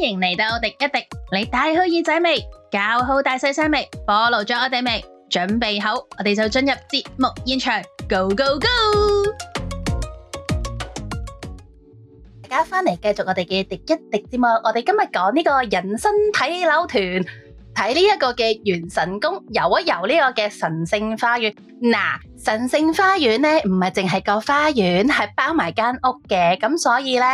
歡迎嚟到《廸一廸》，你戴好耳仔未？搞好大細聲未？暴露咗我哋未？準備好，我哋就進入節目現場，Go Go Go！大家翻嚟繼續我哋嘅《廸一廸》節目，我哋今日講呢個人生睇樓團，睇呢一個嘅元神宮，遊一遊呢個嘅神聖花園。嗱，神聖花園咧，唔係淨係個花園，係包埋間屋嘅，咁所以咧。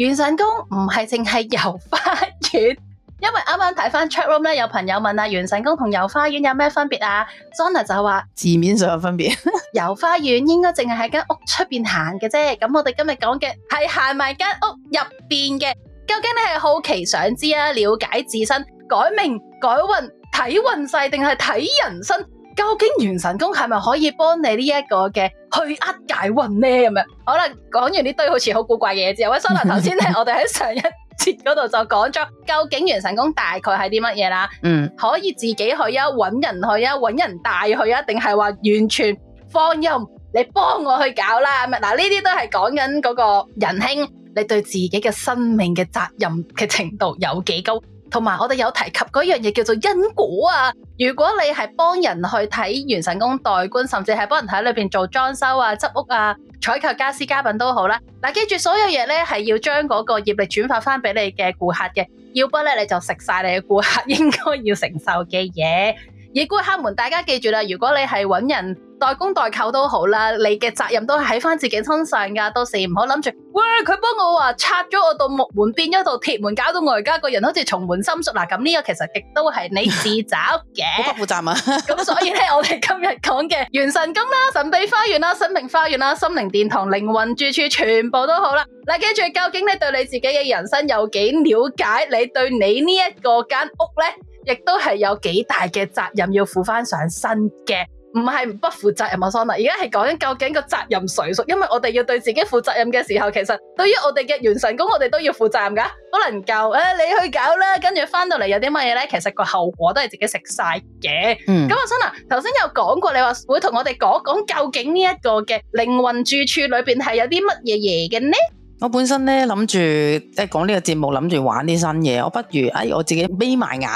元神宮唔係淨係遊花園， 因為啱啱睇翻 chat room 咧，有朋友問啊，元神宮同遊花園有咩分別啊？Sona 就話字面上有分別，遊 花園應該淨係喺間屋出邊行嘅啫，咁我哋今日講嘅係行埋間屋入邊嘅。究竟，你係好奇想知啊，了解自身改命改運睇運勢定係睇人生？究竟元神宮係咪可以幫你呢一個嘅去呃解運咧？咁樣好啦，講完呢堆好似好古怪嘅嘢之後，咁嗱，頭先咧我哋喺上一節嗰度就講咗究竟元神宮大概係啲乜嘢啦。嗯，可以自己去啊，搵人去啊，搵人帶去啊，定係話完全放任你幫我去搞啦？咁啊，嗱呢啲都係講緊嗰個仁兄你對自己嘅生命嘅責任嘅程度有幾高。同埋我哋有提及嗰樣嘢叫做因果啊！如果你係幫人去睇元神宮代觀，甚至係幫人喺裏邊做裝修啊、執屋啊、採購家私家品都好啦。嗱，記住所有嘢咧，係要將嗰個業力轉發翻俾你嘅顧客嘅，要不咧你就食晒你嘅顧客應該要承受嘅嘢。而顧客們，大家記住啦，如果你係搵人。代工代購都好啦，你嘅責任都係喺翻自己身上噶。到時唔好諗住，喂，佢幫我話拆咗我度木門，變咗度鐵門，搞到我而家個人好似重門深鎖嗱咁。呢、啊、個其實亦都係你自找嘅。好 不負負責任啊！ 咁所以咧，我哋今日講嘅元神宮啦、神秘花園啦、啦、生命花園啦、心靈殿堂、靈魂住處，全部都好啦。嗱、啊，記住，究竟你對你自己嘅人生有幾了解？你對你呢一個間屋咧，亦都係有幾大嘅責任要負翻上身嘅。唔係不負責任啊，桑娜，而家係講緊究竟個責任誰屬？因為我哋要對自己負責任嘅時候，其實對於我哋嘅元神宮，我哋都要負責任噶，都能夠誒、啊、你去搞啦，跟住返到嚟有啲乜嘢咧，其實個後果都係自己食晒嘅。咁啊，桑娜，頭先有講過，你話會同我哋講講究竟呢一個嘅靈魂住處裏邊係有啲乜嘢嘢嘅呢？我本身咧諗住即係講呢個節目，諗住玩啲新嘢，我不如誒、哎、我自己眯埋眼。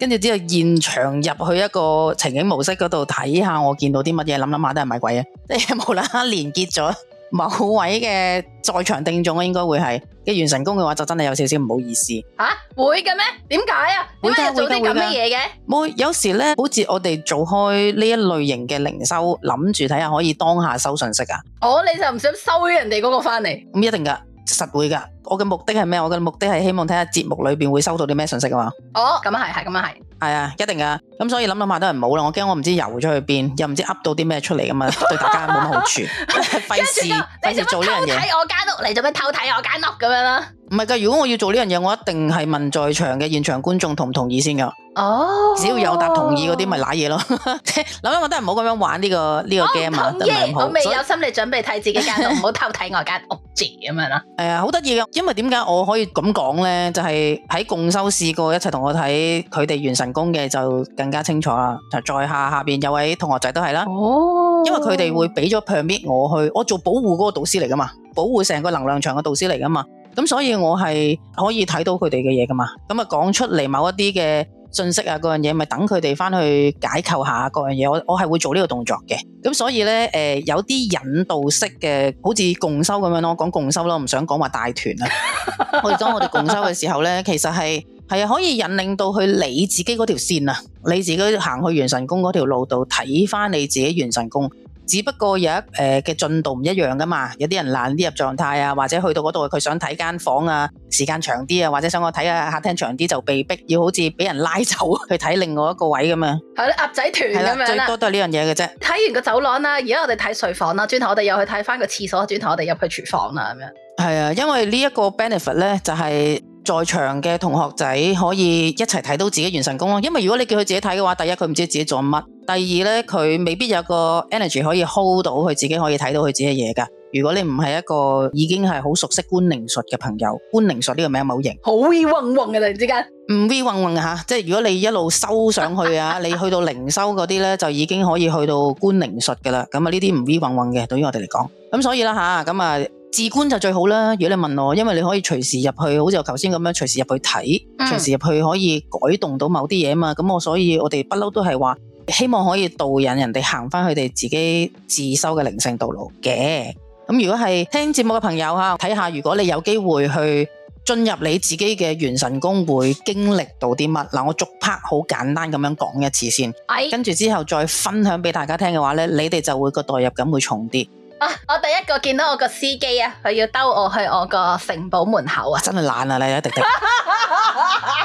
跟住之後現場入去一個情景模式嗰度睇下，我見到啲乜嘢，諗諗下都係咪鬼啊！即係無啦啦連結咗某位嘅在場聽眾啊，應該會係嘅元神宮嘅話，就真係有少少唔好意思嚇，會嘅咩？點解啊？點解做啲咁嘅嘢嘅？冇，有時咧，好似我哋做開呢一類型嘅靈修，諗住睇下可以當下收信息啊！哦，你就唔想收人哋嗰個翻嚟？唔一定㗎。實會噶，我嘅目的係咩？我嘅目的係希望睇下節目裏邊會收到啲咩信息啊嘛。哦，咁啊係，係咁啊係，係啊，一定噶。咁所以諗諗下都係唔好啦，我驚我唔知遊咗去邊，又唔知噏到啲咩出嚟，咁啊， 對大家冇乜好處，費事費事做呢樣嘢。喺我間屋嚟做咩偷睇我間屋咁樣啦？唔係噶，如果我要做呢樣嘢，我一定係問在場嘅現場觀眾同唔同意先噶。哦，只要有答同意嗰啲，咪瀨嘢咯。諗 諗，我都係唔好咁樣玩呢、這個呢、哦、個 game 啊。意好，我未有心理準備睇自己間 屋，唔好偷睇我間屋住咁樣啦。誒啊、哎，好得意噶，因為點解我可以咁講咧？就係、是、喺共修試過一齊同我睇佢哋元神宮，嘅，就更加清楚啦。就在下下邊有位同學仔都係啦。哦，因為佢哋會俾咗 permit 我去，我做保護嗰個導師嚟噶嘛，保護成個能量場嘅導師嚟噶嘛。咁所以，我係可以睇到佢哋嘅嘢噶嘛，咁啊講出嚟某一啲嘅信息啊，嗰樣嘢咪等佢哋翻去解構下嗰樣嘢，我我係會做呢個動作嘅。咁所以呢，誒、呃、有啲引導式嘅，好似共修咁樣咯，講共修咯，唔想講話大團啊。我 哋當我哋共修嘅時候呢，其實係係可以引領到去你自己嗰條線啊，你自己行去元神宮嗰條路度睇翻你自己元神宮。只不過有一誒嘅進度唔一樣噶嘛，有啲人懶啲入狀態啊，或者去到嗰度佢想睇間房間啊，時間長啲啊，或者想我睇下客廳長啲就被逼要好似俾人拉走去睇另外一個位咁樣。係啦，鴨仔團咁啦，啊、最多都係呢樣嘢嘅啫。睇完個走廊啦，而家我哋睇睡房啦，轉頭我哋又去睇翻個廁所，轉頭我哋入去廚房啦咁樣。係啊，因為呢一個 benefit 咧就係、是。在場嘅同學仔可以一齊睇到自己元神宮咯，因為如果你叫佢自己睇嘅話，第一佢唔知自己做乜，第二呢佢未必有個 energy 可以 hold 到佢自己可以睇到佢自己嘅嘢噶。如果你唔係一個已經係好熟悉觀靈術嘅朋友，觀靈術呢個名冇型，v 韞韞嘅突然之間，唔 v 韞韞嚇，即係如果你一路收上去啊， 你去到靈修嗰啲呢，就已經可以去到觀靈術噶啦。咁啊，呢啲唔 v 韞韞嘅，對於我哋嚟講，咁所以啦吓。咁啊。自觀就最好啦。如果你問我，因為你可以隨時入去，好似我頭先咁樣，隨時入去睇，嗯，隨時入去可以改動到某啲嘢啊嘛。咁我所以我哋不嬲都係話，希望可以導引人哋行翻佢哋自己自修嘅靈性道路嘅。咁如果係聽節目嘅朋友吓，睇下如果你有機會去進入你自己嘅元神宮，會經歷到啲乜？嗱，我逐拍好簡單咁樣講一次先，跟住之後再分享俾大家聽嘅話呢，你哋就會個代入感會重啲。啊、我第一個見到我個司機啊，佢要兜我去我個城堡門口啊，真係懶啊。你啊，廸廸，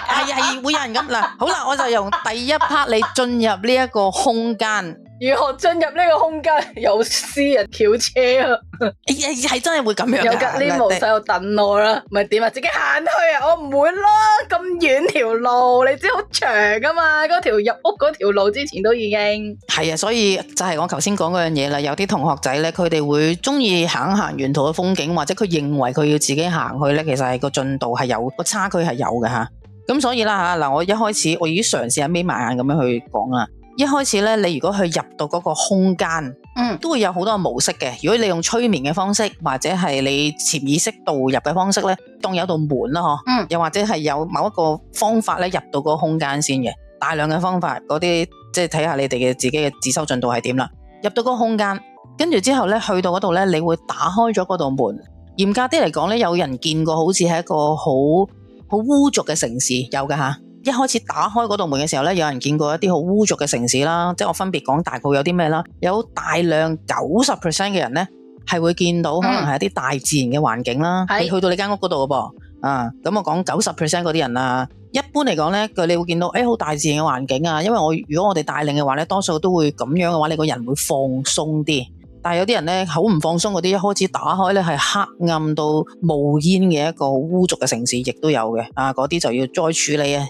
係啊，會有人咁啦， 好啦，我就用第一 part 你進入呢一個空間。如何進入呢個空間？ 有私人轎車啊、 欸！哎、欸、呀，係真係會咁樣噶、啊，喺呢模式度等我啦，唔係點啊？自己行去啊！我唔會咯，咁遠條路，你知好長噶嘛？嗰條入屋，嗰條路之前都已經係啊，所以就係我頭先講嗰樣嘢啦。有啲同學仔咧，佢哋會中意行行沿途嘅風景，或者佢認為佢要自己行去咧，其實係個進度係有個差距係有嘅吓。咁所以啦吓嗱，我一開始我已經嘗試下眯埋眼咁樣去講啦。一開始呢，你如果去入到嗰個空間，嗯，都會有好多模式嘅。如果你用催眠嘅方式，或者係你潛意識導入嘅方式呢，當有一道門啦，嗯，又或者係有某一個方法呢，入到個空間先嘅。大量嘅方法，嗰啲即係睇下你哋嘅自己嘅自修進度係點啦。入到嗰個空間，跟住之後呢，去到嗰度呢，你會打開咗嗰道門。嚴格啲嚟講呢，有人見過好似係一個好好污濁嘅城市，有嘅吓。一開始打開嗰道門嘅時候咧，有人見過一啲好污濁嘅城市啦，即係我分別講大概有啲咩啦，有大量九十 percent 嘅人咧係會見到可能係一啲大自然嘅環境啦，你、嗯、去到你間屋嗰度嘅噃，啊、嗯、咁、嗯嗯嗯嗯、我講九十 percent 嗰啲人啊，一般嚟講咧佢你會見到，誒、欸、好大自然嘅環境啊，因為我如果我哋帶領嘅話咧，多數都會咁樣嘅話，你個人會放鬆啲。但係有啲人咧好唔放鬆嗰啲，一開始打開咧係黑暗到冒煙嘅一個污濁嘅城市，亦都有嘅，啊嗰啲就要再處理啊。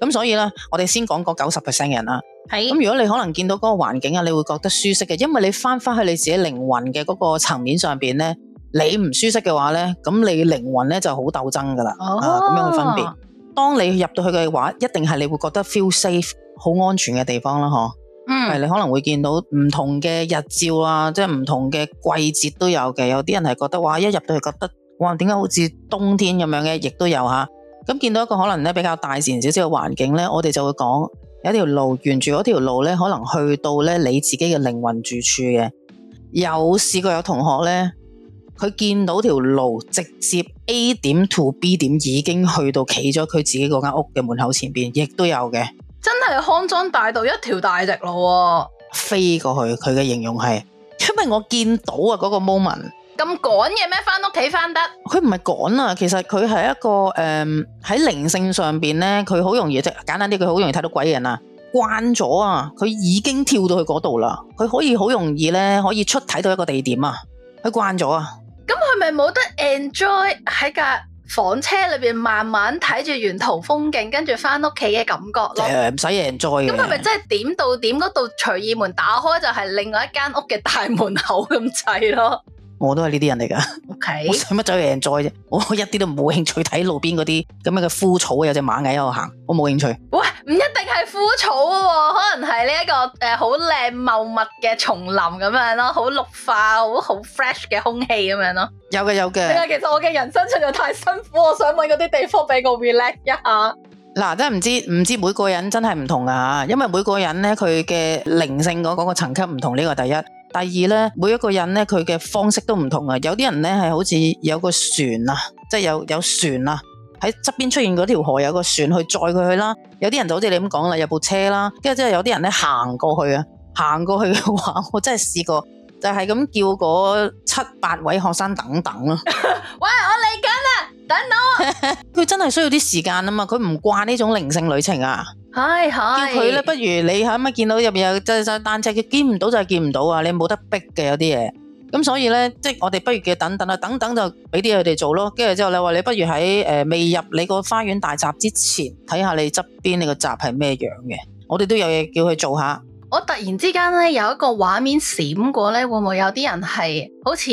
咁所以咧，我哋先講嗰九十 percent 人啦。係咁是，如果你可能見到嗰個環境啊，你會覺得舒適嘅，因為你翻翻去你自己靈魂嘅嗰個層面上邊咧，你唔舒適嘅話咧，咁你靈魂咧就好鬥爭噶啦。哦，咁樣去分別。當你入到去嘅話，一定係你會覺得 feel safe，好安全嘅地方啦，嗬。嗯。係，你可能會見到唔同嘅日照啊，即係唔同嘅季節都有嘅。有啲人係覺得哇，一入到去覺得哇，點解好似冬天咁樣嘅，亦都有嚇。咁見到一個可能咧比較大自然少少嘅環境咧，我哋就會講有一條路，沿住嗰條路咧，可能去到咧你自己嘅靈魂住處嘅。有試過有同學咧，佢見到條路直接 A 點 to B 點已經去到企咗佢自己嗰間屋嘅門口前邊，亦都有嘅。真係康莊大道一條大直路啊，飛過去，佢嘅形容係，因為我見到啊嗰個 moment。咁趕嘅咩？翻屋企翻得？佢唔係趕啊，其實佢係一個誒喺靈性上邊咧，佢好容易即係簡單啲，佢好容易睇到鬼人啊。慣咗啊，佢已經跳到去嗰度啦，佢可以好容易咧可以出睇到一個地點啊。佢慣咗啊。咁佢咪冇得 enjoy 喺架房車裏邊慢慢睇住沿途風景，跟住翻屋企嘅感覺咯？係啊，唔使 enjoy。咁佢咪即係點到點嗰度，隨意門打開就係另外一間屋嘅大門口咁滯咯。我都係 Okay? 呢啲人嚟噶，我使乜走去人載啫？我一啲都冇興趣睇路邊嗰啲咁樣嘅枯草，有隻螞蟻喺度行，我冇興趣。喂！唔一定係枯草喎、哦，可能係呢一個誒好靚茂密嘅叢林咁樣咯，好綠化，好好 fresh 嘅空氣咁樣咯。有嘅有嘅。其實我嘅人生實在太辛苦，我想揾嗰啲地方俾個 relax 一下。嗱，真係唔知唔知每個人真係唔同啊，因為每個人咧佢嘅靈性嗰嗰個層級唔同，呢個第一。第二咧，每一個人咧，佢嘅方式都唔同啊！有啲人咧係好似有個船啊，即係有有船啊，喺側邊出現嗰條河有個船去載佢去啦。有啲人就好似你咁講啦，有部車啦，跟住即係有啲人咧行過去啊，行過去嘅話，我真係試過，就係咁叫嗰七八位學生等等啊。 喂，我嚟緊啦！等我，佢 真係需要啲時間啊嘛，佢唔慣呢種靈性旅程啊。係係是，叫佢咧，不如你係咪見到入邊有隻隻單車？佢見唔到就係見唔到啊。你冇得逼嘅，有啲嘢。咁所以咧，即係我哋不如叫等等啊，等等就俾啲佢哋做咯。跟住之後你話你不如喺誒、呃、未入你個花園大閘之前，睇下你側邊你個閘係咩樣嘅。我哋都有嘢叫佢做下。我突然之間咧有一個畫面閃過咧，會唔會有啲人係好似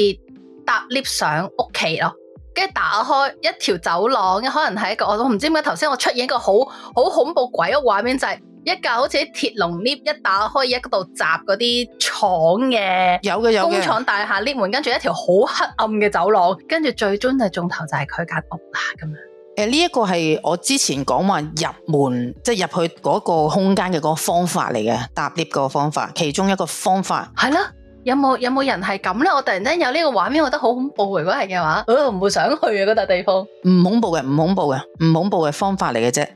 搭 lift 上屋企咯？跟住打開一條走廊，可能係一個，我都唔知點解頭先我出現一個好好恐怖鬼嘅畫面，就係一架好似啲鐵籠 lift，一打開一度閘嗰啲廠嘅，有嘅有工廠大廈 lift 門，跟住一條好黑暗嘅走廊，跟住最終就係重頭就係佢間屋啦咁樣。誒，呢一個係我之前講話入門，即係入去嗰個空間嘅嗰個方法嚟嘅，搭 lift 嗰個方法，其中一個方法係啦。有冇有冇人係咁咧？我突然間有呢個畫面，我覺得好恐怖。如果係嘅話，我唔會想去啊嗰笪地方。唔恐怖嘅，唔恐怖嘅，唔恐怖嘅方法嚟嘅啫。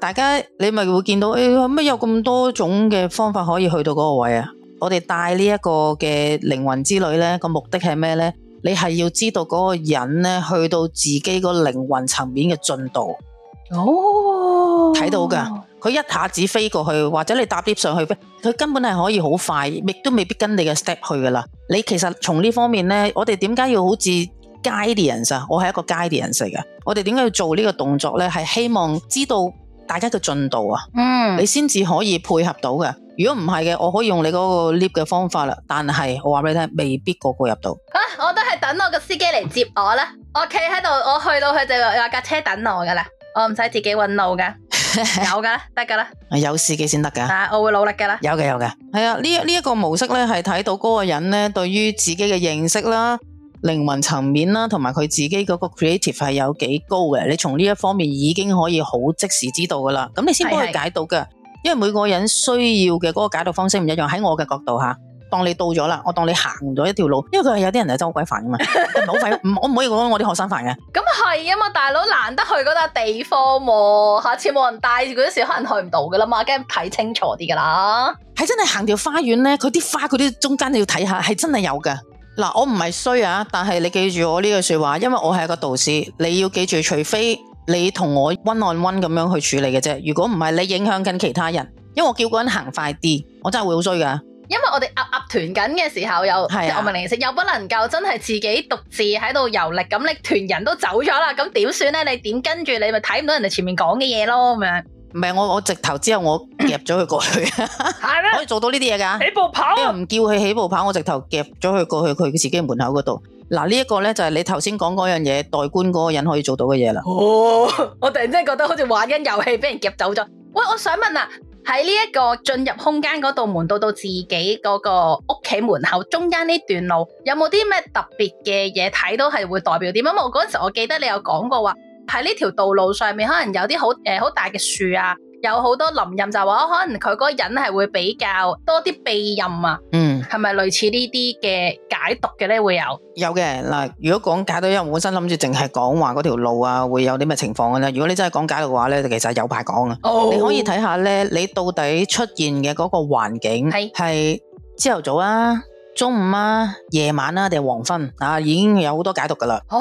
大家你咪會見到，誒、哎，乜有咁多種嘅方法可以去到嗰個位啊？我哋帶呢一個嘅靈魂之旅咧，個目的係咩咧？你係要知道嗰個人咧，去到自己個靈魂層面嘅進度。哦、oh.，睇到㗎。佢一下子飛過去，或者你搭 lift 上去飛，佢根本係可以好快，亦都未必跟你嘅 step 去噶啦。你其實從呢方面呢，我哋點解要好似 guide 人啊？我係一個 guide 人嚟嘅。我哋點解要做呢個動作呢？係希望知道大家嘅進度啊。嗯，你先至可以配合到嘅。如果唔係嘅，我可以用你嗰個 lift 嘅方法啦。但係我話俾你聽，未必個個入到。啊！我都係等我個司機嚟接我啦。我企喺度，我去到佢就有架車等我噶啦。我唔使自己揾路噶。 有噶，得噶啦，有司機先得噶。啊，我會努力㗎喇。有嘅，有嘅，係啊，呢一呢一個模式咧，係睇到嗰個人咧，對於自己嘅認識啦、靈魂層面啦，同埋佢自己嗰個 creative 係有幾高嘅。你從呢一方面已經可以好即時知道噶啦。咁你先幫佢解讀噶，的因為每個人需要嘅嗰個解讀方式唔一樣。喺我嘅角度吓。當你到咗啦，我當你行咗一條路，因為佢係有啲人係真好鬼煩噶嘛，好 我唔可以講我啲學生煩嘅。咁係啊嘛，大佬難得去嗰笪地方，下次冇人帶住嗰時，可能去唔到噶啦嘛，驚睇清楚啲噶啦。係真係行條花園咧，佢啲花佢啲中間要睇下，係真係有嘅。嗱，我唔係衰啊，但係你記住我呢句說話，因為我係一個導師，你要記住，除非你同我 one on one 咁樣去處理嘅啫。如果唔係，你影響緊其他人，因為我叫嗰人行快啲，我真係會好衰噶。因為我哋壓壓團緊嘅時候，又我問零食，又不能夠真係自己獨自喺度遊歷咁，你團人都走咗啦，咁點算咧？你點跟住？你咪睇唔到人哋前面講嘅嘢咯，咁樣。唔係我我直頭之後我夾咗佢過去，係啦，可以做到呢啲嘢噶。起步跑、啊，你又唔叫佢起步跑，我直頭夾咗佢過去，佢自己門口嗰度。嗱、啊這個、呢一個咧就係、是、你頭先講嗰樣嘢，代觀嗰個人可以做到嘅嘢啦。哦，oh, 我突然之間覺得好似玩緊遊戲，俾人夾走咗。喂，我想問啊！喺呢一個進入空間嗰道門到到自己嗰個屋企門口，中間呢段路有冇啲咩特別嘅嘢睇到係會代表點啊？因為我嗰陣時，我記得你有講過話，喺呢條道路上面可能有啲好誒好大嘅樹啊，有好多林蔭，就話可能佢個人係會比較多啲庇蔭啊。嗯。係咪類似呢啲嘅解讀嘅咧會有？有嘅嗱，如果講解讀，因為我本身諗住淨係講話嗰條路啊，會有啲咩情況噶啦。如果你真係講解讀嘅話咧，就其實有排講啊。哦，你可以睇下咧，你到底出現嘅嗰個環境係朝頭早啊、中午啊、夜晚啊，定係黃昏啊，已經有好多解讀噶啦。哦，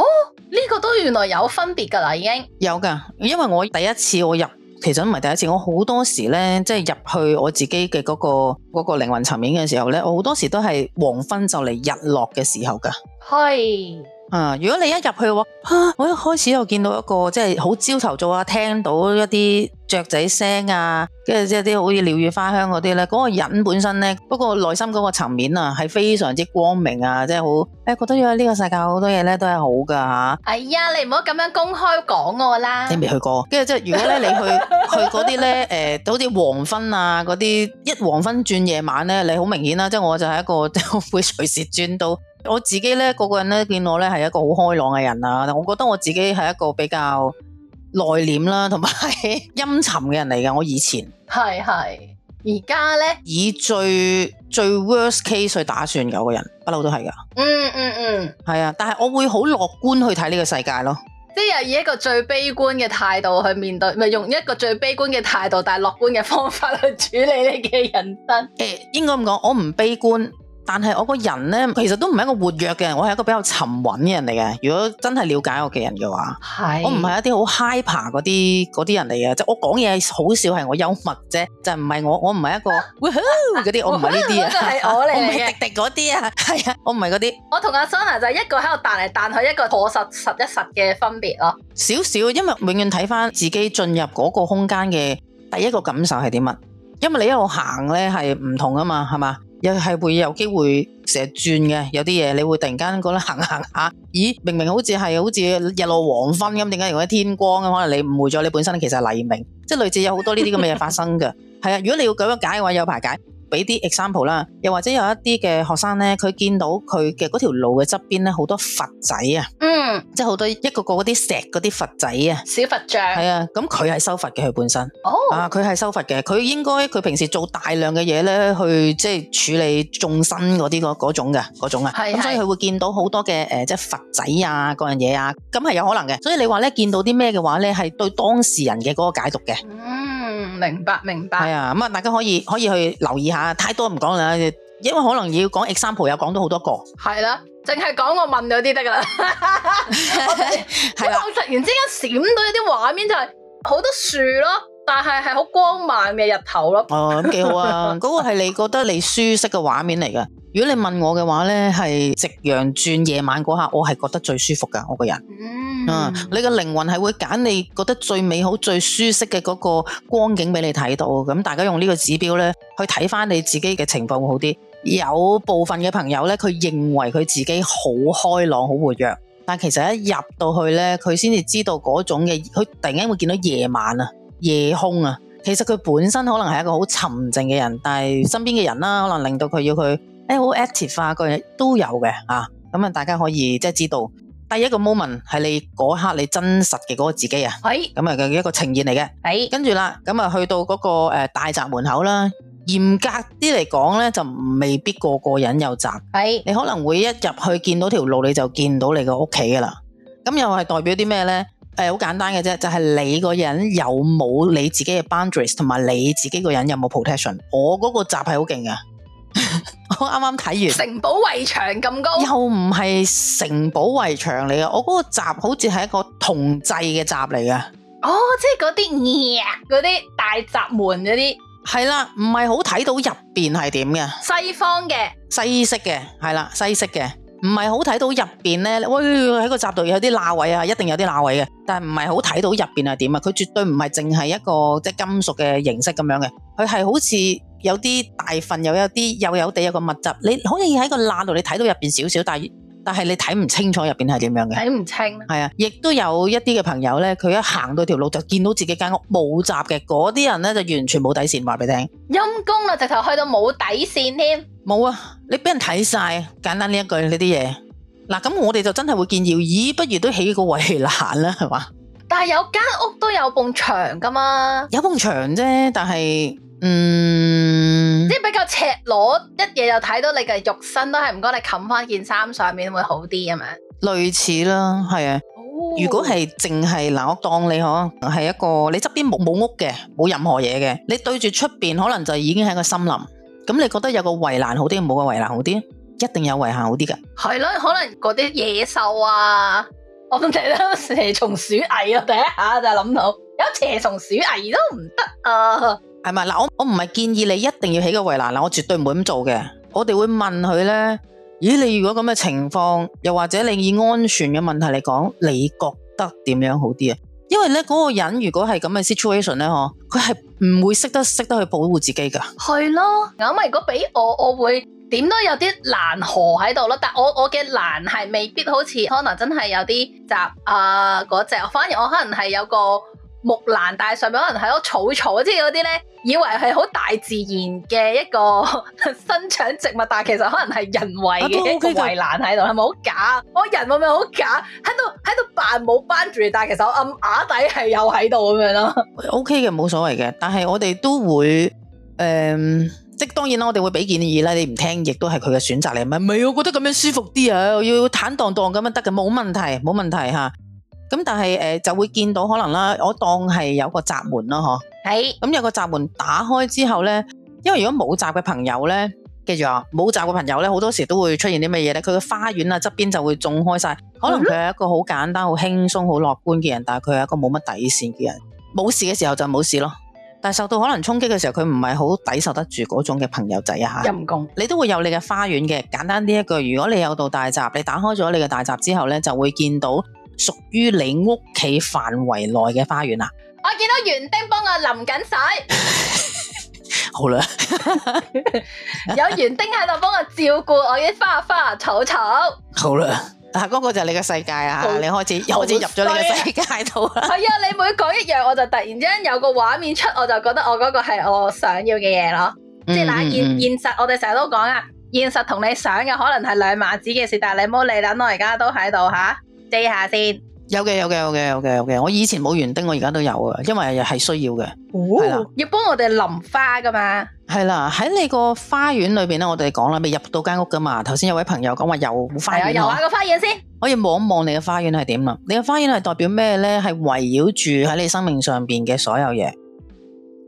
呢個都原來有分別噶啦，已經有噶，因為我第一次我入。其實唔係第一次，我好多時咧，即係入去我自己嘅嗰個嗰個靈魂層面嘅時候呢，我好多時都係黃昏就嚟日落嘅時候㗎。係。啊、嗯！如果你一入去嘅話，啊，我一開始就見到一個即係好朝頭早啊，聽到一啲雀仔聲啊，跟住即係啲好似鳥語花香嗰啲咧，嗰、嗰個人本身咧，不過內心嗰個層面啊，係非常之光明啊，即係好誒覺得呢個世界多好多嘢咧都係好噶嚇。啊、哎呀，你唔好咁樣公開講我啦。你未去過，跟住即係如果咧你，你去去嗰啲咧誒，好似黃昏啊嗰啲，一黃昏轉夜晚咧，你好明顯啦，即係我就係一個即會隨時轉到。我自己咧，個個人咧見我咧係一個好開朗嘅人啊，我覺得我自己係一個比較內斂啦，同埋陰沉嘅人嚟嘅。我以前係係，而家咧以最最 worst case 去打算嘅我個人，不嬲都係噶、嗯。嗯嗯嗯，係啊，但係我會好樂觀去睇呢個世界咯。即係以一個最悲觀嘅態度去面對，咪用一個最悲觀嘅態度，但係樂觀嘅方法去處理你嘅人生。誒、欸，應該咁講，我唔悲觀。但係我個人咧，其實都唔係一個活躍嘅，我係一個比較沉穩嘅人嚟嘅。如果真係了解我嘅人嘅話，我唔係一啲好 hyper 嗰啲嗰啲人嚟嘅，即係我講嘢好少係我幽默啫，就唔係我我唔係一個嗰啲我唔係呢啲啊，我唔係廸廸嗰啲啊，係啊，我唔係嗰啲。我同阿 Sona 就一個喺度彈嚟彈去，一個坐實實一實嘅分別咯，少少，因為永遠睇翻自己進入嗰個空間嘅第一個感受係點乜，因為你一路行咧係唔同啊嘛，係嘛？又係會有機會成日轉嘅，有啲嘢你會突然間覺得行行下、啊，咦明明好似係好似日落黃昏咁，點解而家天光咁？可能你誤會咗，你本身其實係黎明，即係類似有好多呢啲咁嘅嘢發生嘅。係啊， 如果你要咁樣解嘅話，有排解。俾啲 example 啦，又或者有一啲嘅學生咧，佢見到佢嘅嗰條路嘅側邊咧，好多佛仔啊，嗯，即係好多一個個嗰啲石嗰啲佛仔啊，小佛像，係啊，咁佢係修佛嘅佢本身，哦，啊，佢係修佛嘅，佢應該佢平時做大量嘅嘢咧，去即係處理眾生嗰啲嗰種嘅嗰種，種啊，係啊，咁，嗯，所以佢會見到好多嘅誒，呃，即係佛仔啊，嗰樣嘢啊，咁係有可能嘅。所以你話咧，見到啲咩嘅話咧，係對當事人嘅嗰個解讀嘅，嗯。明白，明白。係啊，咁、嗯、啊，大家可以可以去留意下，太多唔講啦，因為可能要講 example 又講到好多個。係啦、啊，淨係講我問咗啲得噶啦。係 啦我， 啊、我突然之間閃到一啲畫面，就係好多樹咯，但係係好光猛嘅日頭咯。哦，咁幾好啊，嗰 個係你覺得你舒適嘅畫面嚟噶。如果你問我嘅話呢，係夕陽轉夜晚嗰刻，我係覺得最舒服噶。我個人，嗯，uh, 你嘅靈魂係會揀你覺得最美好、最舒適嘅嗰個光景俾你睇到。咁大家用呢個指標呢去睇翻你自己嘅情況會好啲。有部分嘅朋友呢，佢認為佢自己好開朗、好活躍，但其實一入到去呢，佢先至知道嗰種嘅，佢突然間會見到夜晚啊、夜空啊。其實佢本身可能係一個好沉靜嘅人，但係身邊嘅人啦、啊，可能令到佢要佢。好、欸、active 化嘅嘢都有嘅啊，咁啊大家可以即係、就是、知道，第一個 moment 係你嗰刻你真實嘅嗰個自己啊，係是，咁啊嘅一個呈現嚟嘅，係是，跟住啦，咁啊去到嗰、那個誒、呃、大閘門口啦，嚴格啲嚟講咧就未必個個人有閘，係是，你可能會一入去見到條路你就見到你個屋企噶啦，咁又係代表啲咩咧？誒、呃、好簡單嘅啫，就係、是、你個人有冇你自己嘅 boundaries 同埋你自己個人有冇 protection，我嗰個閘係好勁㗎。我啱啱睇完城堡圍牆咁高，又唔係城堡圍牆嚟嘅，我嗰個閘好似係一個銅製嘅閘嚟嘅。哦，即係嗰啲呃，嗰啲大閘門嗰啲，係啦，唔係好睇到入邊係點嘅。西方嘅，西式嘅，係啦，西式嘅。唔係好睇到入面咧，喺、哎、個雜度有啲罅位啊，一定有啲罅位嘅，但係唔係好睇到入面係點啊？佢絕對唔係淨係一個即係金屬嘅形式咁樣嘅，佢係好似有啲大份，又有啲又有，有地有個密集，你好容易喺個罅度你睇到入邊少少，但係。但係你睇唔清楚入邊係點樣嘅，睇唔清。係啊，亦都有一啲嘅朋友呢，佢一行到條路就見到自己間屋冇閘嘅，嗰啲人呢，就完全冇底線，話俾你聽。陰公啦，直頭去到冇底線添。冇啊，你俾人睇晒，簡單呢一句呢啲嘢。嗱，咁、啊、我哋就真係會建議，咦不如都起個圍欄啦，係嘛？但係有間屋都有埲牆噶嘛？有埲牆啫，但係，嗯。即係比較赤裸，一嘢就睇到你嘅肉身都，都係唔該你冚翻件衫上面會好啲咁樣。類似啦，係啊。哦、如果係淨係嗱，我當你可能係一個你側邊冇冇屋嘅，冇任何嘢嘅，你對住出邊可能就已經喺個森林。咁你覺得有個圍欄好啲，冇個圍欄好啲，一定有圍欄好啲噶。係咯，可能嗰啲野獸啊，我諗住咧蛇蟲鼠蟻啊，第一下就諗到有蛇蟲鼠蟻都唔得啊。係咪嗱？我我唔係建議你一定要起個圍欄啦，我絕對唔會咁做嘅。我哋會問佢咧：咦，你如果咁嘅情況，又或者你以安全嘅問題嚟講，你覺得點樣好啲啊？因為咧嗰個人如果係咁嘅 situation 咧，嗬，佢係唔會識得識得去保護自己噶。係咯，咁咪如果俾我，我會點都有啲攔河喺度咯。但我我嘅攔係未必好似可能真係有啲閘啊嗰隻，反而我可能係有個。木蘭，但係上面可能係嗰草草即係嗰啲咧，以為係好大自然嘅一個 生長植物，但係其實可能係人為嘅一個圍欄喺度，係咪好假？我人會唔會好假？喺度喺度扮冇 boundary，但係其實我暗啞底係又喺度咁樣咯。O K 嘅，冇所謂嘅。但係我哋都會，誒、嗯，即係當然啦，我哋會俾建議啦。你唔聽，亦都係佢嘅選擇嚟。咪咪，我覺得咁樣舒服啲啊，要坦蕩蕩咁樣得嘅，冇問題，冇問題吓。咁但係誒、呃、就會見到可能啦，我當係有個閘門啦，嗬是。係、嗯。咁有個閘門打開之後咧，因為如果冇閘嘅朋友咧，記住啊，冇閘嘅朋友咧，好多時都會出現啲乜嘢咧？佢嘅花園啊側邊就會種開晒。可能佢係一個好簡單、好輕鬆、好樂觀嘅人，但係佢係一個冇乜底線嘅人。冇事嘅時候就冇事咯，但係受到可能衝擊嘅時候，佢唔係好抵受得住嗰種嘅朋友仔啊嚇。陰公功，你都會有你嘅花園嘅。簡單啲一句，如果你有度大閘，你打開咗你嘅大閘之後咧，就會見到，屬於你屋企範圍內嘅花園啊！我見到園丁幫我淋緊水， 好啦了， 有園丁喺度幫我照顧我啲花花草草，好啦，嗱、啊，嗰、那個就係你嘅世界啊！你開始，好開始入咗你嘅世界度、啊、啦。係壞啊， 啊，你每講一樣，我就突然之間有個畫面出，我就覺得我嗰個係我想要嘅嘢咯。嗯嗯嗯即係，嗱，現現實，我哋成日都講啊，現實同你想嘅可能係兩碼子嘅事，但係你唔好理啦，我而家都喺度吓。地下先有嘅，有嘅，有嘅，有嘅，有嘅。我以前冇園丁，我而家都有啊，因為係需要嘅。係啦、哦，的要幫我哋淋花噶嘛？係啦，喺你個花園裏邊咧，我哋講啦，未入到間屋噶嘛。頭先有位朋友講話有花園，係啊，個花園先，可以望一望你嘅花園係點啊？你嘅花園係代表咩咧？係圍繞住喺你生命上邊嘅所有嘢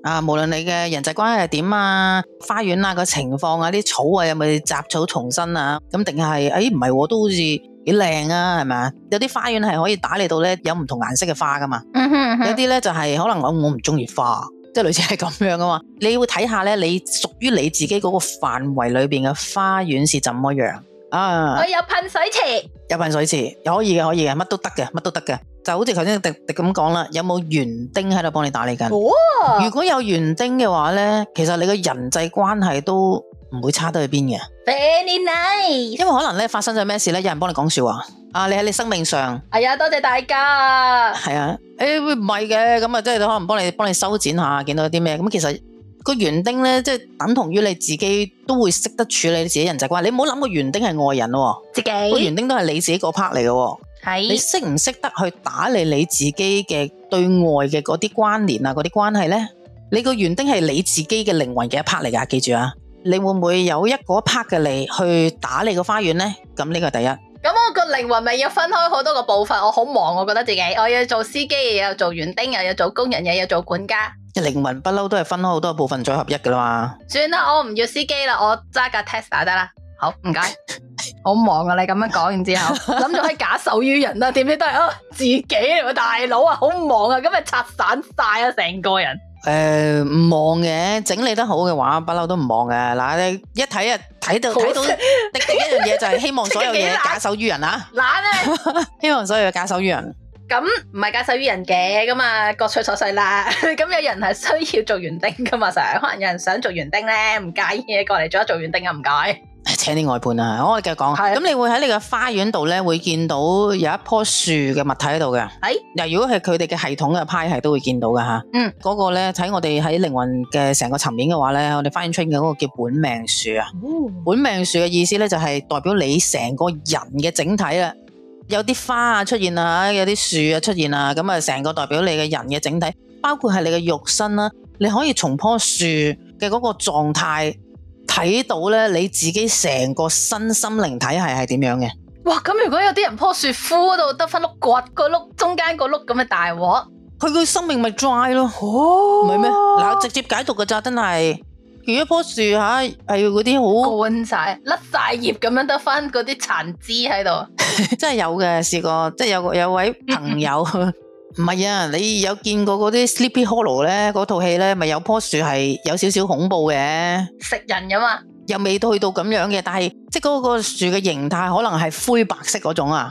啊，無論你嘅人際關係係點啊，花園啊個情況啊，啲草啊有冇雜草重生啊？咁定係誒唔係，我都好似。幾靚啊，係咪啊？有啲花園係可以打理到咧，有唔同顏色嘅花噶嘛。嗯哼嗯哼。有啲咧就係、是、可能我我唔中意花，即係類似係咁樣噶嘛。你會睇下咧，你屬於你自己嗰個範圍裏邊嘅花園是怎麼樣啊？我有噴水池，有噴水池，可以嘅，可以嘅，乜都得嘅，乜都得嘅，就好似頭先廸廸咁講啦。有冇園丁喺度幫你打理緊？哦、如果有園丁嘅話咧，其實你嘅人際關係都。唔會差到去邊嘅。Very nice. 因為可能咧發生咗咩事咧，有人幫你講說話。啊，你喺你生命上係啊、哎，多謝大家係啊。誒、哎，唔係嘅咁啊，即、嗯、係可能幫你幫你修剪下，見到有啲咩咁。其實、那個園丁咧，即、就、係、是、等同於你自己都會識得處理自己人際關係。你唔好諗個園丁係外人咯，自己個園丁都係你自己個 part 嚟嘅。係是你識唔識得去打理你自己嘅對外嘅嗰啲關聯啊？嗰啲關係咧，你個園丁係你自己嘅靈魂嘅一 part 嚟噶，記住啊！你會唔會有一個 part 嘅，你去打你個花園呢？咁呢個第一。咁我個靈魂咪要分開好多個部分？我好忙、啊，我覺得自己我要做司機，又要做園丁，又要做工人，又要做管家。靈魂不嬲都係分開好多部分再合一噶啦嘛。算啦，我唔要司機啦，我揸架 Tesla 得啦。好，唔該。好 忙啊！你咁樣講完之後，諗到係假手於人啦，點知都係我、啊、自己大佬啊！好忙啊，咁咪拆散曬啊，成個人。誒，唔望嘅，整理得好嘅話，不嬲都唔望嘅。嗱，你一睇啊，睇到睇到，第一樣嘢就係希望所有嘢假手於人啦。嗱咧，希望所有嘢假手於人。咁唔係假手於人嘅，咁啊各取所需啦。咁有人係需要做園丁㗎嘛，成日可能有人想做園丁咧，唔介意嘅過嚟做一做園丁啊，唔該。請啲外判繼啊！我繼續講，咁你會喺你嘅花園度咧，會見到有一棵樹嘅物體喺度嘅。啊、係，係，嗱如果係佢哋嘅系統嘅派系都會見到嘅吓。嗯，嗰個咧睇我哋喺靈魂嘅成個層面嘅話咧，我哋花園出現嘅嗰個叫本命樹啊。哦、本命樹嘅意思咧就係代表你成個人嘅整體啦，有啲花啊出現啊，有啲樹啊出現啊，咁啊成個代表你嘅人嘅整體，包括係你嘅肉身啦。你可以從棵樹嘅嗰個狀態。睇到咧，你自己成個身心靈體系係點樣嘅？哇！咁如果有啲人樖樹枯到得翻碌掘個碌中間個碌咁嘅大鑊，佢個生命咪 dry 咯？哦，唔係咩？嗱，直接解讀噶咋，真係。如果樖樹吓，係嗰啲好溫晒甩晒葉咁樣得翻嗰啲殘枝喺度，真係有嘅。試過，即係有有位朋友、嗯。 唔係啊，你有見過嗰啲 Sleepy Hollow 咧？嗰套戲咧，咪有棵樹係有少少恐怖嘅，食人㗎嘛？又未去到咁樣嘅，但係即係嗰個樹嘅形態可能係灰白色嗰種啊。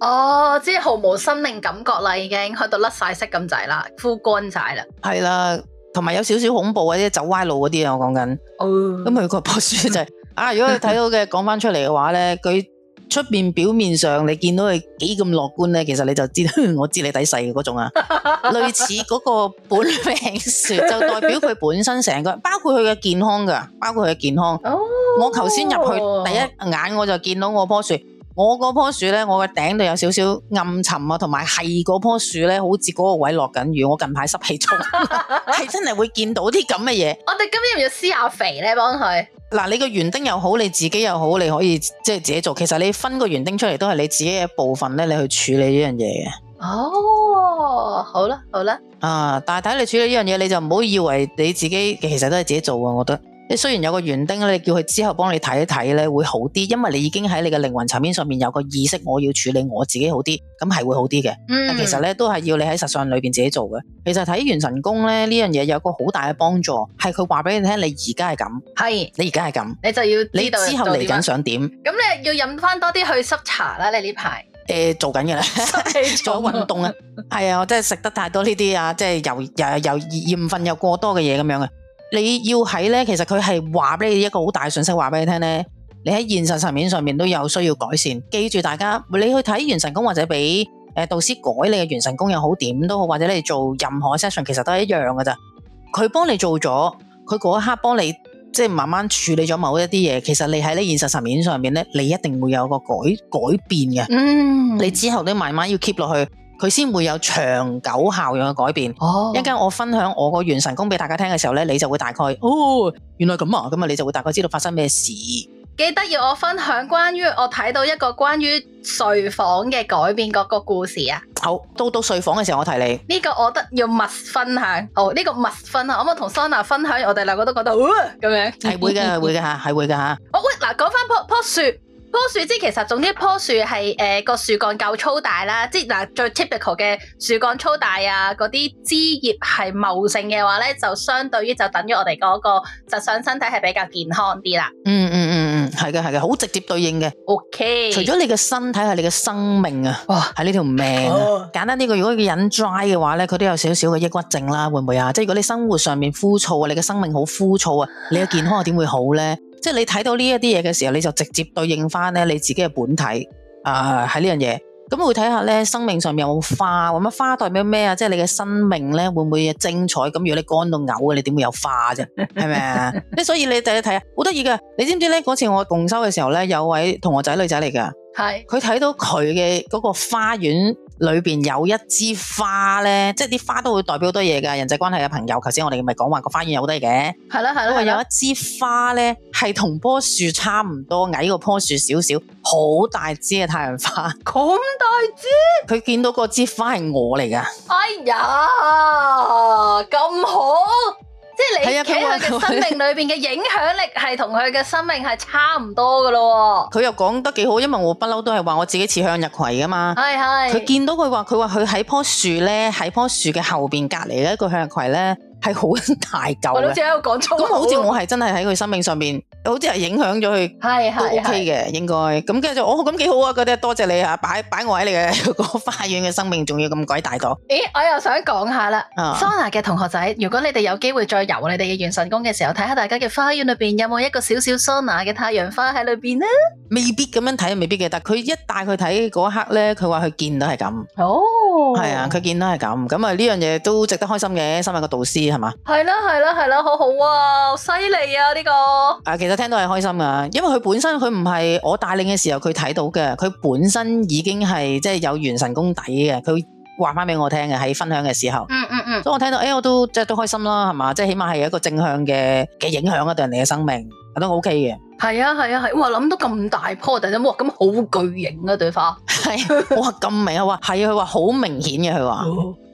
哦，即係毫無生命感覺啦，已經去到甩晒色咁滯啦，枯乾晒啦。係啦、啊，同埋有少少恐怖嘅，啲走歪路嗰啲啊，我講緊。哦、嗯，咁咪嗰棵樹就係、是、 啊！如果你睇到嘅，講返出嚟嘅話咧，佢。出面表面上你見到佢幾咁樂觀咧，其實你就知道我知道你底細嘅嗰種啊， 類似嗰個本命樹，就代表佢本身成個人，包括佢嘅健康噶，包括佢嘅健、健康。哦、我頭先入去第一眼我就見到我棵樹。我嗰棵樹咧，我嘅頂度有少少暗沉啊，同埋係嗰棵樹咧，好似嗰個位落緊雨。我近排濕氣重，係 真係會見到啲咁嘅嘢。 我哋今日要施下肥咧，幫佢。嗱，你個園丁又好，你自己又好，你可以即係自己做。其實你分個園丁出嚟，都係你自己嘅部分咧，你去處理呢樣嘢嘅。哦，好啦，好啦。啊，但係睇你處理呢樣嘢，你就唔好以為你自己其實都係自己做啊，我覺得。你雖然有個園丁，你叫佢之後幫你睇一睇咧，會好啲，因為你已經喺你嘅靈魂層面上面有個意識，我要處理我自己好啲，咁係會好啲嘅。嗯，其呢，其實咧都係要你喺實相裏邊自己做嘅。其實睇元神宮咧，呢樣嘢有個好大嘅幫助，係佢話俾你聽，你而家係咁，係是你而家係咁，你就要你之後嚟緊想點？咁你要飲翻多啲去濕茶啦！你呢排誒做緊嘅咧，做運動啊，係啊，我真係食得太多呢啲啊，即係油又又鹽分又過多嘅嘢咁樣嘅。你要喺咧，其實佢係話俾你一個好大信息，話俾你聽咧。你喺現實層面上面都有需要改善。記住大家，你去睇元神宮或者俾誒導師改你嘅元神宮又好點都好，或者你做任何 session，其實都係一樣嘅咋，佢幫你做咗，佢嗰一刻幫你，即係慢慢處理咗某一啲嘢。其實你喺呢現實層面上面咧，你一定會有個改改變嘅。嗯，你之後咧慢慢要 keep 落去。佢先會有長久效用嘅改變。哦，一陣間我分享我個元神宮俾大家聽嘅時候咧，你就會大概哦，原來咁啊，咁啊，你就會大概知道發生咩事。記得要我分享關於我睇到一個關於睡房嘅改變嗰個故事啊。好、哦，到到睡房嘅時候，我提你呢個，我得要密分享。哦，呢、這個密分，分享，我唔可同 Sona 分享？我哋兩個都覺得、呃，咁樣係會嘅，會嘅吓，係會嘅吓，我好，嗱、啊，講翻、哦、棵棵樹。棵樹枝其實總之棵樹係誒個樹幹夠粗大啦，即係嗱最 typical 嘅樹幹粗大啊，嗰啲枝葉係茂盛嘅話咧，就相對於就等於我哋嗰，那個實上身體係比較健康啲啦，嗯。嗯嗯嗯嗯，係嘅係嘅，好直接對應嘅。OK。除咗你嘅身體係你嘅生命，哇你命啊，哇，係呢條命啊。簡單啲講，如果人 dry 嘅話咧，佢都有少少嘅抑鬱症啦，會唔會啊？即係如果你生活上面枯燥啊，你嘅生命好枯燥啊，你嘅健康又點會好咧？即係你睇到呢一啲嘢嘅時候，你就直接對應翻咧你自己嘅本體啊喺、呃嗯、呢樣嘢，咁會睇下咧生命上面有冇花，咁啊花代表咩啊？即係你嘅生命咧會唔會精彩？咁如果你乾到嘔嘅，你點會有花啫？係咪啊？即 所以你第一睇啊，好得意噶！你知唔知咧？嗰次我共修嘅時候咧，有位同學仔女仔嚟噶，係佢睇到佢嘅嗰個花園。裏邊有一枝花咧，即係啲花都會代表好多嘢噶，人際關係嘅朋友。頭先我哋咪講話個花園有好多嘢嘅，係咯係咯。有一枝花咧，係同棵樹差唔多，矮過棵樹少少，好大支嘅太陽花，咁大支。佢見到嗰枝花係我嚟噶。哎呀，咁好！即係你喺佢嘅生命裏邊嘅影響力係同佢嘅生命係差唔多噶咯，佢又講得幾好，因為我不嬲都係話我自己似向日葵噶嘛，佢是見到佢話佢話佢喺樖樹咧，喺樖樹嘅後邊隔籬咧一個向日葵咧係好大嚿，好似喺度講粗咁好似我係真係喺佢生命上邊。好似係影響咗佢，都 OK 嘅應該。咁跟住就哦，咁幾好啊！嗰啲多謝你啊，擺擺我喺你嘅個花園嘅生命，仲要咁鬼大個。咦，我又想講下啦，sona 嘅同學仔，如果你哋有機會再遊你哋嘅元神宮嘅時候，睇下大家嘅花園裏邊有冇一個小小 sona 嘅太陽花喺裏邊啦。未必咁樣睇，未必嘅，但係佢一帶佢睇嗰一刻咧，佢話佢見到係咁。哦，係啊，佢見到係咁。咁啊呢樣嘢都值得開心嘅。今日個導師係嘛？係啦係啦係啦，好好啊，好犀利啊呢個。啊其實。聽到係開心噶，因為佢本身佢唔係我帶領嘅時候佢睇到嘅，佢本身已經係即係有元神功底嘅。佢話返俾我聽嘅喺分享嘅時候，嗯嗯嗯，所以我聽到誒、欸，我都即係都開心啦，係嘛，即係起碼係有一個正向嘅嘅影響啊，對人哋嘅生命我都 O K 嘅。係啊，係啊，係！哇諗到咁大棵，突然間哇咁好巨型啊朵花，係、 啊、哇咁、啊、明啊話係佢話好明顯嘅佢話，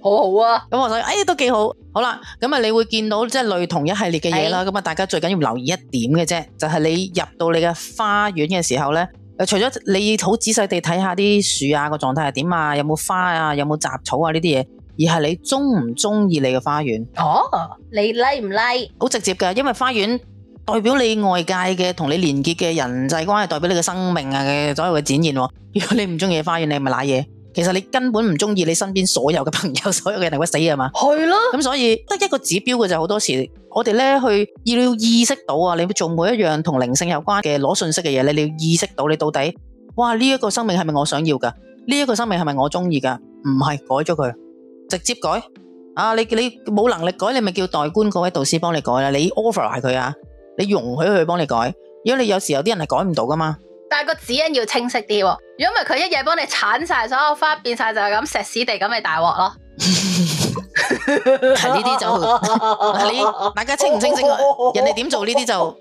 好咦好啊！咁我話誒都幾好，好啦，咁、嗯、啊你會見到即係類同一系列嘅嘢啦。咁啊大家最緊要留意一點嘅啫，就係你入到你嘅花園嘅時候咧、呃，除咗你好仔細地睇下啲樹啊個狀態係點啊，有冇花啊，有冇雜草啊呢啲嘢，而係你中唔中意你嘅花園？哦，你 like 唔 like？好直接嘅，因為花園。代表你外界嘅同你連結嘅人際關係，代表你嘅生命啊嘅所有嘅展現。如果你唔中意花園，你咪揦嘢。其實你根本唔中意你身邊所有嘅朋友，所有嘅人會死嘅嘛？係啦。咁所以得一個指標嘅就，好多時我哋咧去要意識到啊，你做每一樣同靈性有關嘅攞信息嘅嘢咧，你要意識到你到底，哇呢一個生命係咪我想要噶？呢一個生命係咪我中意噶？唔係，改咗佢，直接改。啊，你你冇能力改，你咪叫代官嗰位導師幫你改啦。你 offer 埋佢啊！你容許佢幫你改，如果你有時有啲人係改唔到㗎嘛，但係個指引要清晰啲，哦。如果唔係，佢一嘢幫你鏟晒所有花變晒，就係咁石屎地咁，咪大鑊咯。呢啲就嗱，你大家清唔清晰，清？清人哋點做呢啲就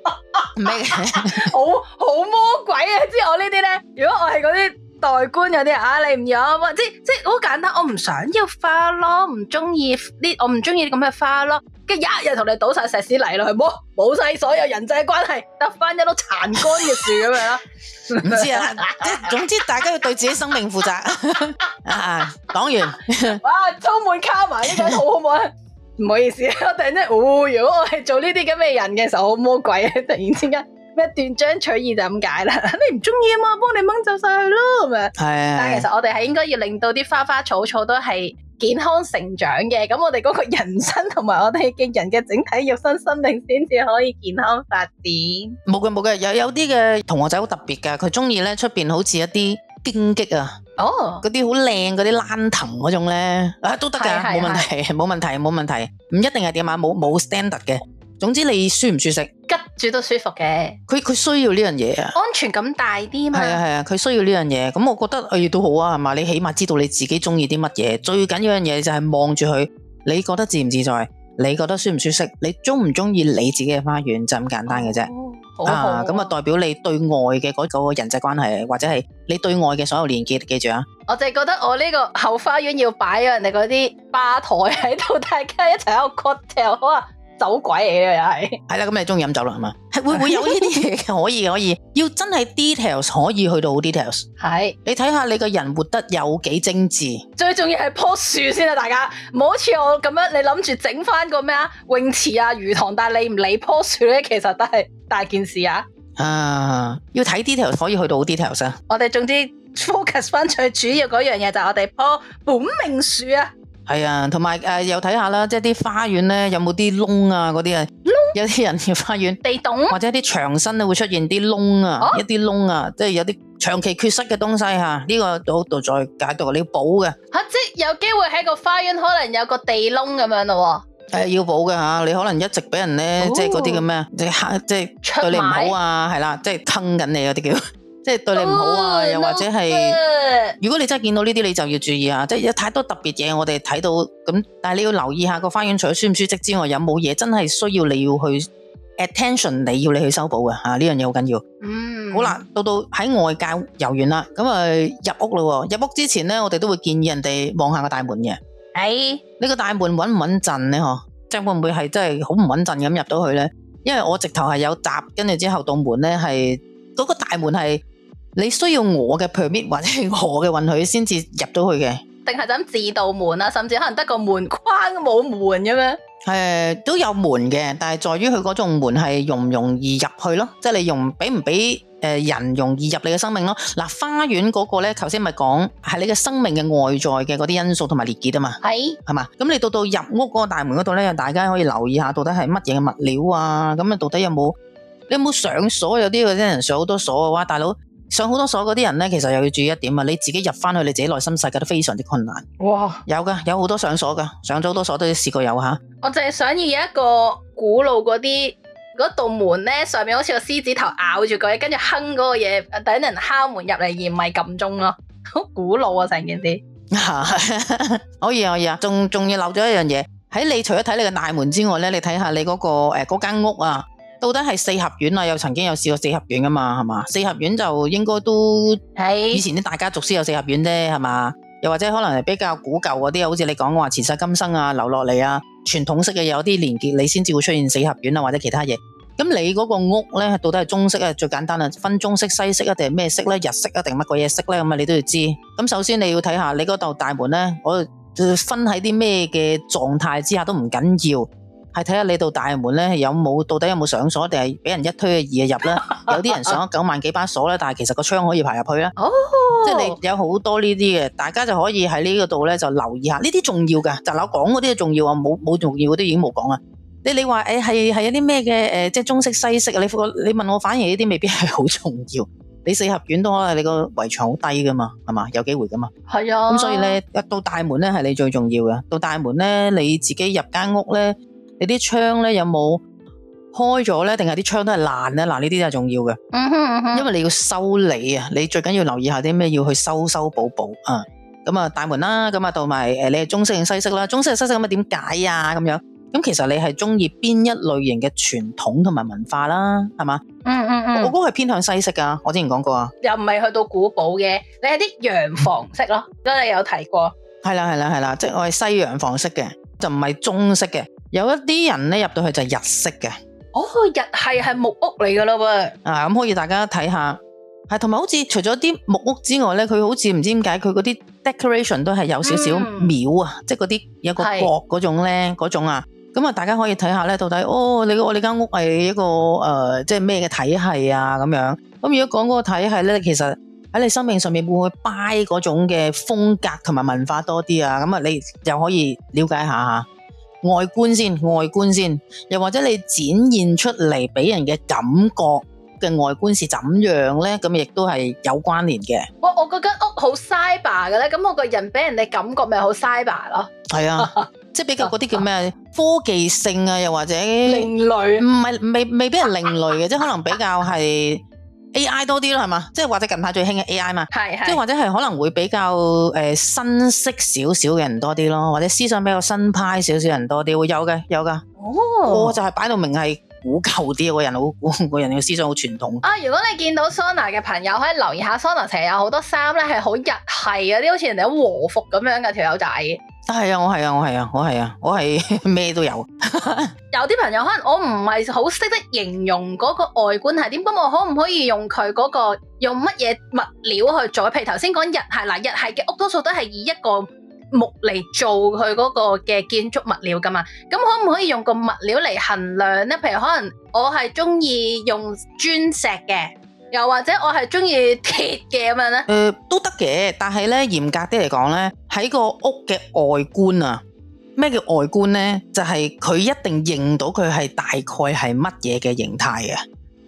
咩？ 好好魔鬼啊！即係我呢啲咧，如果我係嗰啲。外觀有啲啊，你唔有即即好簡單，我唔想要花咯，唔中意呢，我唔中意啲咁嘅花咯，跟住一日同你倒晒石屎泥落去，係冇冇晒所有人際關係，得翻一粒殘乾嘅樹咁樣囉。唔知啊，即係總之大家要對自己生命負責。講完。哇，充滿卡瑪，應該好好唔好啊？唔好意思，我突然間，如果我係做呢啲咁嘅人嘅時候，魔鬼啊！突然之間。斷章取義就咁解啦？你唔中意啊嘛，幫你掹走晒佢咯咁啊！係，是是 但係其實我哋係應該要令到啲花花草草都係健康成長嘅，咁我哋嗰個人生同埋我哋嘅人嘅整體肉身生命先至可以健康發展。冇嘅，冇嘅，有有啲嘅同學仔好特別噶，佢中意咧出邊好似一啲荊棘啊，哦，嗰啲好靚嗰啲蘭藤嗰種咧啊，都得噶，冇問題，冇問題，冇問題，唔一定係點啊，冇冇 standard 嘅，總之你舒唔舒適？住都舒服嘅，佢佢需要呢樣嘢啊，安全感大啲嘛。係啊係啊，佢需要呢樣嘢。咁我覺得誒都好啊，係嘛，你起碼知道你自己中意啲乜嘢。最緊要樣嘢就係望住佢，你覺得自唔自在，你覺得舒唔舒適，你中唔中意你自己嘅花園就咁簡單嘅啫。啊，咁啊代表你對外嘅嗰嗰個人際關係，或者係你對外嘅所有連接，記住啊。我就係覺得我呢個後花園要擺咗人哋嗰啲吧台喺度，大家一齊喺度 cut 啊！酒鬼嚟嘅又係，係啦，咁你中意飲酒咯，係嘛？係會唔會有呢啲嘢？可以可以。要真係 details 可以去到好 details，係。是你睇下你個人活得有幾精致。最重要係棵樹先啦，啊，大家，唔好似我咁樣，你諗住整翻個咩啊泳池啊魚塘，但係你唔理棵樹咧，其實都係大件事啊。啊，要睇 details 可以去到好 details 啊。我哋總之 focus 翻最主要嗰樣嘢，就係、是、我哋棵本命樹啊。係啊，同埋誒，又睇下啦，即係啲花園咧有冇啲窿啊，嗰啲啊，窿有啲人嘅花園地洞，地董或者啲牆身咧會出現啲窿啊，啊一啲窿啊，即係有啲長期缺失嘅東西吓、啊，呢、這個到度再解讀，你要補嘅吓，即係有機會喺個花園可能有個地窿咁樣咯、啊，誒、嗯，要補嘅吓，你可能一直俾人咧、哦，即係嗰啲叫咩，即係即係對你唔好啊，係賣啦，即係坑緊你有啲叫。即係對你唔好啊，又或者係，如果你真係見到呢啲，你就要注意啊！即係有太多特別嘢，我哋睇到咁，但係你要留意下個花園除咗舒唔舒適之外，有冇嘢真係需要你要去 attention，你要你去修補嘅吓，呢樣嘢好緊要。嗯，好啦，到到喺外界遊完啦，咁啊入屋啦，入屋之前咧，我哋都會建議人哋望下個大門嘅。係，哎，呢個大門穩唔穩陣咧？嗬，即係會唔會係真係好唔穩陣咁入到去咧？因為我直頭係有閘，跟住之後道門咧係嗰個大門係。你需要我嘅 permit 或者我嘅允許先至入到去嘅，定係就咁自導門啊？甚至可能得個門框都冇門嘅咩？誒，都有門嘅，但係在於佢嗰種門係容唔容易入去咯，即係你容俾唔俾誒人容易入你嘅生命咯。嗱、啊，花園嗰個咧，頭先咪講係你嘅生命嘅外在嘅嗰啲因素同埋列結啊嘛，係係嘛。咁你到到入屋嗰個大門嗰度咧，大家可以留意下，到底係乜嘢嘅物料啊？咁啊，到底有冇你有冇上鎖？有啲嗰啲人上好多鎖啊！哇，大佬。上好多鎖嗰啲人咧，其實又要注意一點啊！你自己入翻去你自己內心世界都非常之困難。哇，有噶，有好多上鎖噶，上咗好多鎖都要試過有吓。我淨係想要一個古老嗰啲嗰道門咧，上面好似個獅子頭咬住佢，跟住哼嗰個嘢，等人敲門入嚟，而唔係撳鐘咯。好 古老啊，成 件事。可以可以啊，仲仲要漏咗一樣嘢，喺你除咗睇你嘅大門之外咧，你睇下你嗰、嗰個誒嗰間屋啊。到底係四合院啊？又曾經有試過四合院噶嘛？係嘛？四合院就應該都以前啲大家族先有四合院啫，係嘛？又或者可能比較古舊嗰啲，好似你講嘅話前世今生啊，留落嚟啊，傳統式嘅有啲連結，你先至會出現四合院啊，或者其他嘢。咁你嗰個屋呢，到底係中式啊？最簡單啦，分中式、西式啊，定係咩式呢？日式啊，定乜鬼嘢式呢？咁啊，你都要知。咁首先你要睇下你嗰道大門呢，我分喺啲咩嘅狀態之下都唔緊要，要。係睇下你度大門咧有冇，到底有冇上鎖，定係俾人一推就二就入啦？ 有啲人上咗九萬幾把鎖啦，但係其實個窗可以爬入去啦。哦，oh. 即係你有好多呢啲嘅，大家就可以喺呢度咧就留意下呢啲重要噶。就老講嗰啲重要啊，冇冇重要嗰啲已經冇講啦。你你話誒係係有啲咩嘅誒，即係中式西式啊？你個你問我反而呢啲未必係好重要。你四合院都可能你個圍牆好低噶嘛，係嘛？有機會噶嘛？係啊。咁、嗯、所以咧，一到大門咧係你最重要嘅。到大門咧你自己入間屋咧。你啲窗咧有冇開咗咧？定係啲窗都係爛咧？嗱，呢啲都係重要嘅。嗯哼，因為你要修理啊，你最緊要留意下啲咩要去修修補補啊。咁啊，大門啦，咁啊，同埋誒，你係中式定西式啦？中式西式咁啊，點解啊？咁樣咁，其實你係中意邊一類型嘅傳統同埋文化啦？係嘛？嗯嗯嗯，我估係偏向西式噶，我之前講過啊。又唔係去到古堡嘅，你係啲洋房式咯，都係有提過。係啦係啦係啦，即係我係西洋房式嘅，就唔係中式嘅。有一啲人咧入到去就日式嘅，哦，日系係木屋嚟噶啦噃，啊，咁、嗯、可以大家睇下，係同埋好似除咗啲木屋之外咧，佢好似唔知點解佢嗰啲 decoration 都係有少少廟啊，即係嗰啲有個角嗰種咧嗰是種啊，咁啊大家可以睇下咧，到底哦你我哋間屋係一個誒、呃、即係咩嘅體系啊咁樣，咁、嗯、如果講嗰個體系咧，其實喺你生命上面會唔會 buy 嗰種嘅風格同埋文化多啲啊，咁啊你又可以了解下吓。外觀先，外觀先，又或者你展現出嚟俾人嘅感覺嘅外觀是怎樣呢？咁亦都係有關聯嘅。我我覺得屋好 cyber 嘅咧，咁我個人俾人哋感覺咪好 cyber 咯。係啊，即係比較嗰啲叫咩 科技性啊，又或者另類，唔係未未俾人另類嘅，即係 可能比較係。A.I. 多啲咯，係嘛？即係或者近排最興嘅 A.I. 嘛，即係或者係可能會比較誒新式少少嘅人多啲咯，或者思想比較新派少少人多啲，會有嘅，有噶。哦就擺，就係擺到明係古舊啲，我人好古，我人嘅思想好傳統。啊，如果你見到 Sona 嘅朋友，可以留意下 Sona 成日有好多衫咧，係好日係啊，啲好似人哋喺和服咁樣嘅條友仔。係啊，我係啊，我係啊，我係啊，我係咩都有。 有啲朋友可能我唔係好識得形容嗰個外觀係點，不過我可唔可以用佢嗰、那個用乜嘢物料去做？譬如頭先講日系嗱，日系嘅屋多數都係以一個木嚟做佢嗰個嘅建築物料噶嘛，咁可唔可以用個物料嚟衡量咧？譬如可能我係中意用磚石嘅。又或者我係中意鐵嘅咁樣咧？誒、呃，都得嘅，但係咧嚴格啲嚟講咧，喺個屋嘅外觀啊，咩叫外觀咧？就係、是、佢一定認到佢係大概係乜嘢嘅形態嘅，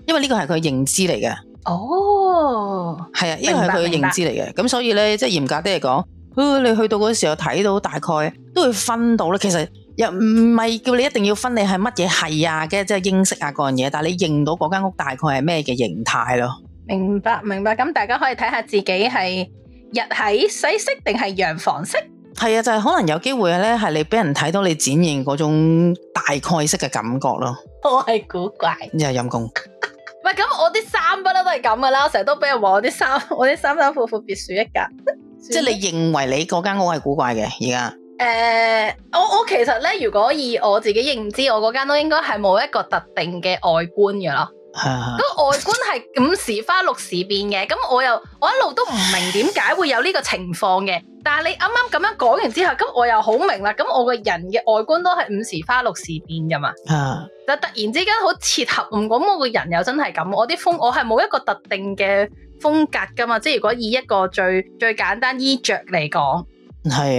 因為呢個係佢認知嚟嘅。哦，係啊，呢個係佢嘅認知嚟嘅，咁所以咧即係嚴格啲嚟講，你去到嗰個時候睇到大概都會分到啦。其實。又唔係叫你一定要分你係乜嘢係啊嘅，即係英式啊嗰樣嘢，但係你認到嗰間屋大概係咩嘅形態咯明？明白明白，咁大家可以睇下自己係日式西式定係洋房式？係啊，就係、是、可能有機會咧，係你俾人睇到你展現嗰種大概式嘅感覺咯。我係古怪，又係陰功。唔係咁，我啲衫不嬲都係咁噶啦，我成日都俾人話我啲衫，我啲衫衫褲褲別樹一格。 即係你認為你嗰間屋係古怪嘅而家。誒，uh, 我我其實咧，如果以我自己認知，我嗰間都應該係冇一個特定嘅外觀噶咯。係咁、uh huh. 外觀係五時花六時變嘅。咁我又我一路都唔明點解會有呢個情況嘅。但係你啱啱咁樣講完之後，咁我又好明啦。咁我個人嘅外觀都係五時花六時變噶嘛。啊、uh，huh. 就突然之間好切合，唔講我個人又真係咁。我啲風我係冇一個特定嘅風格噶嘛。即係如果以一個最最簡單衣着嚟講。係，都係嗱，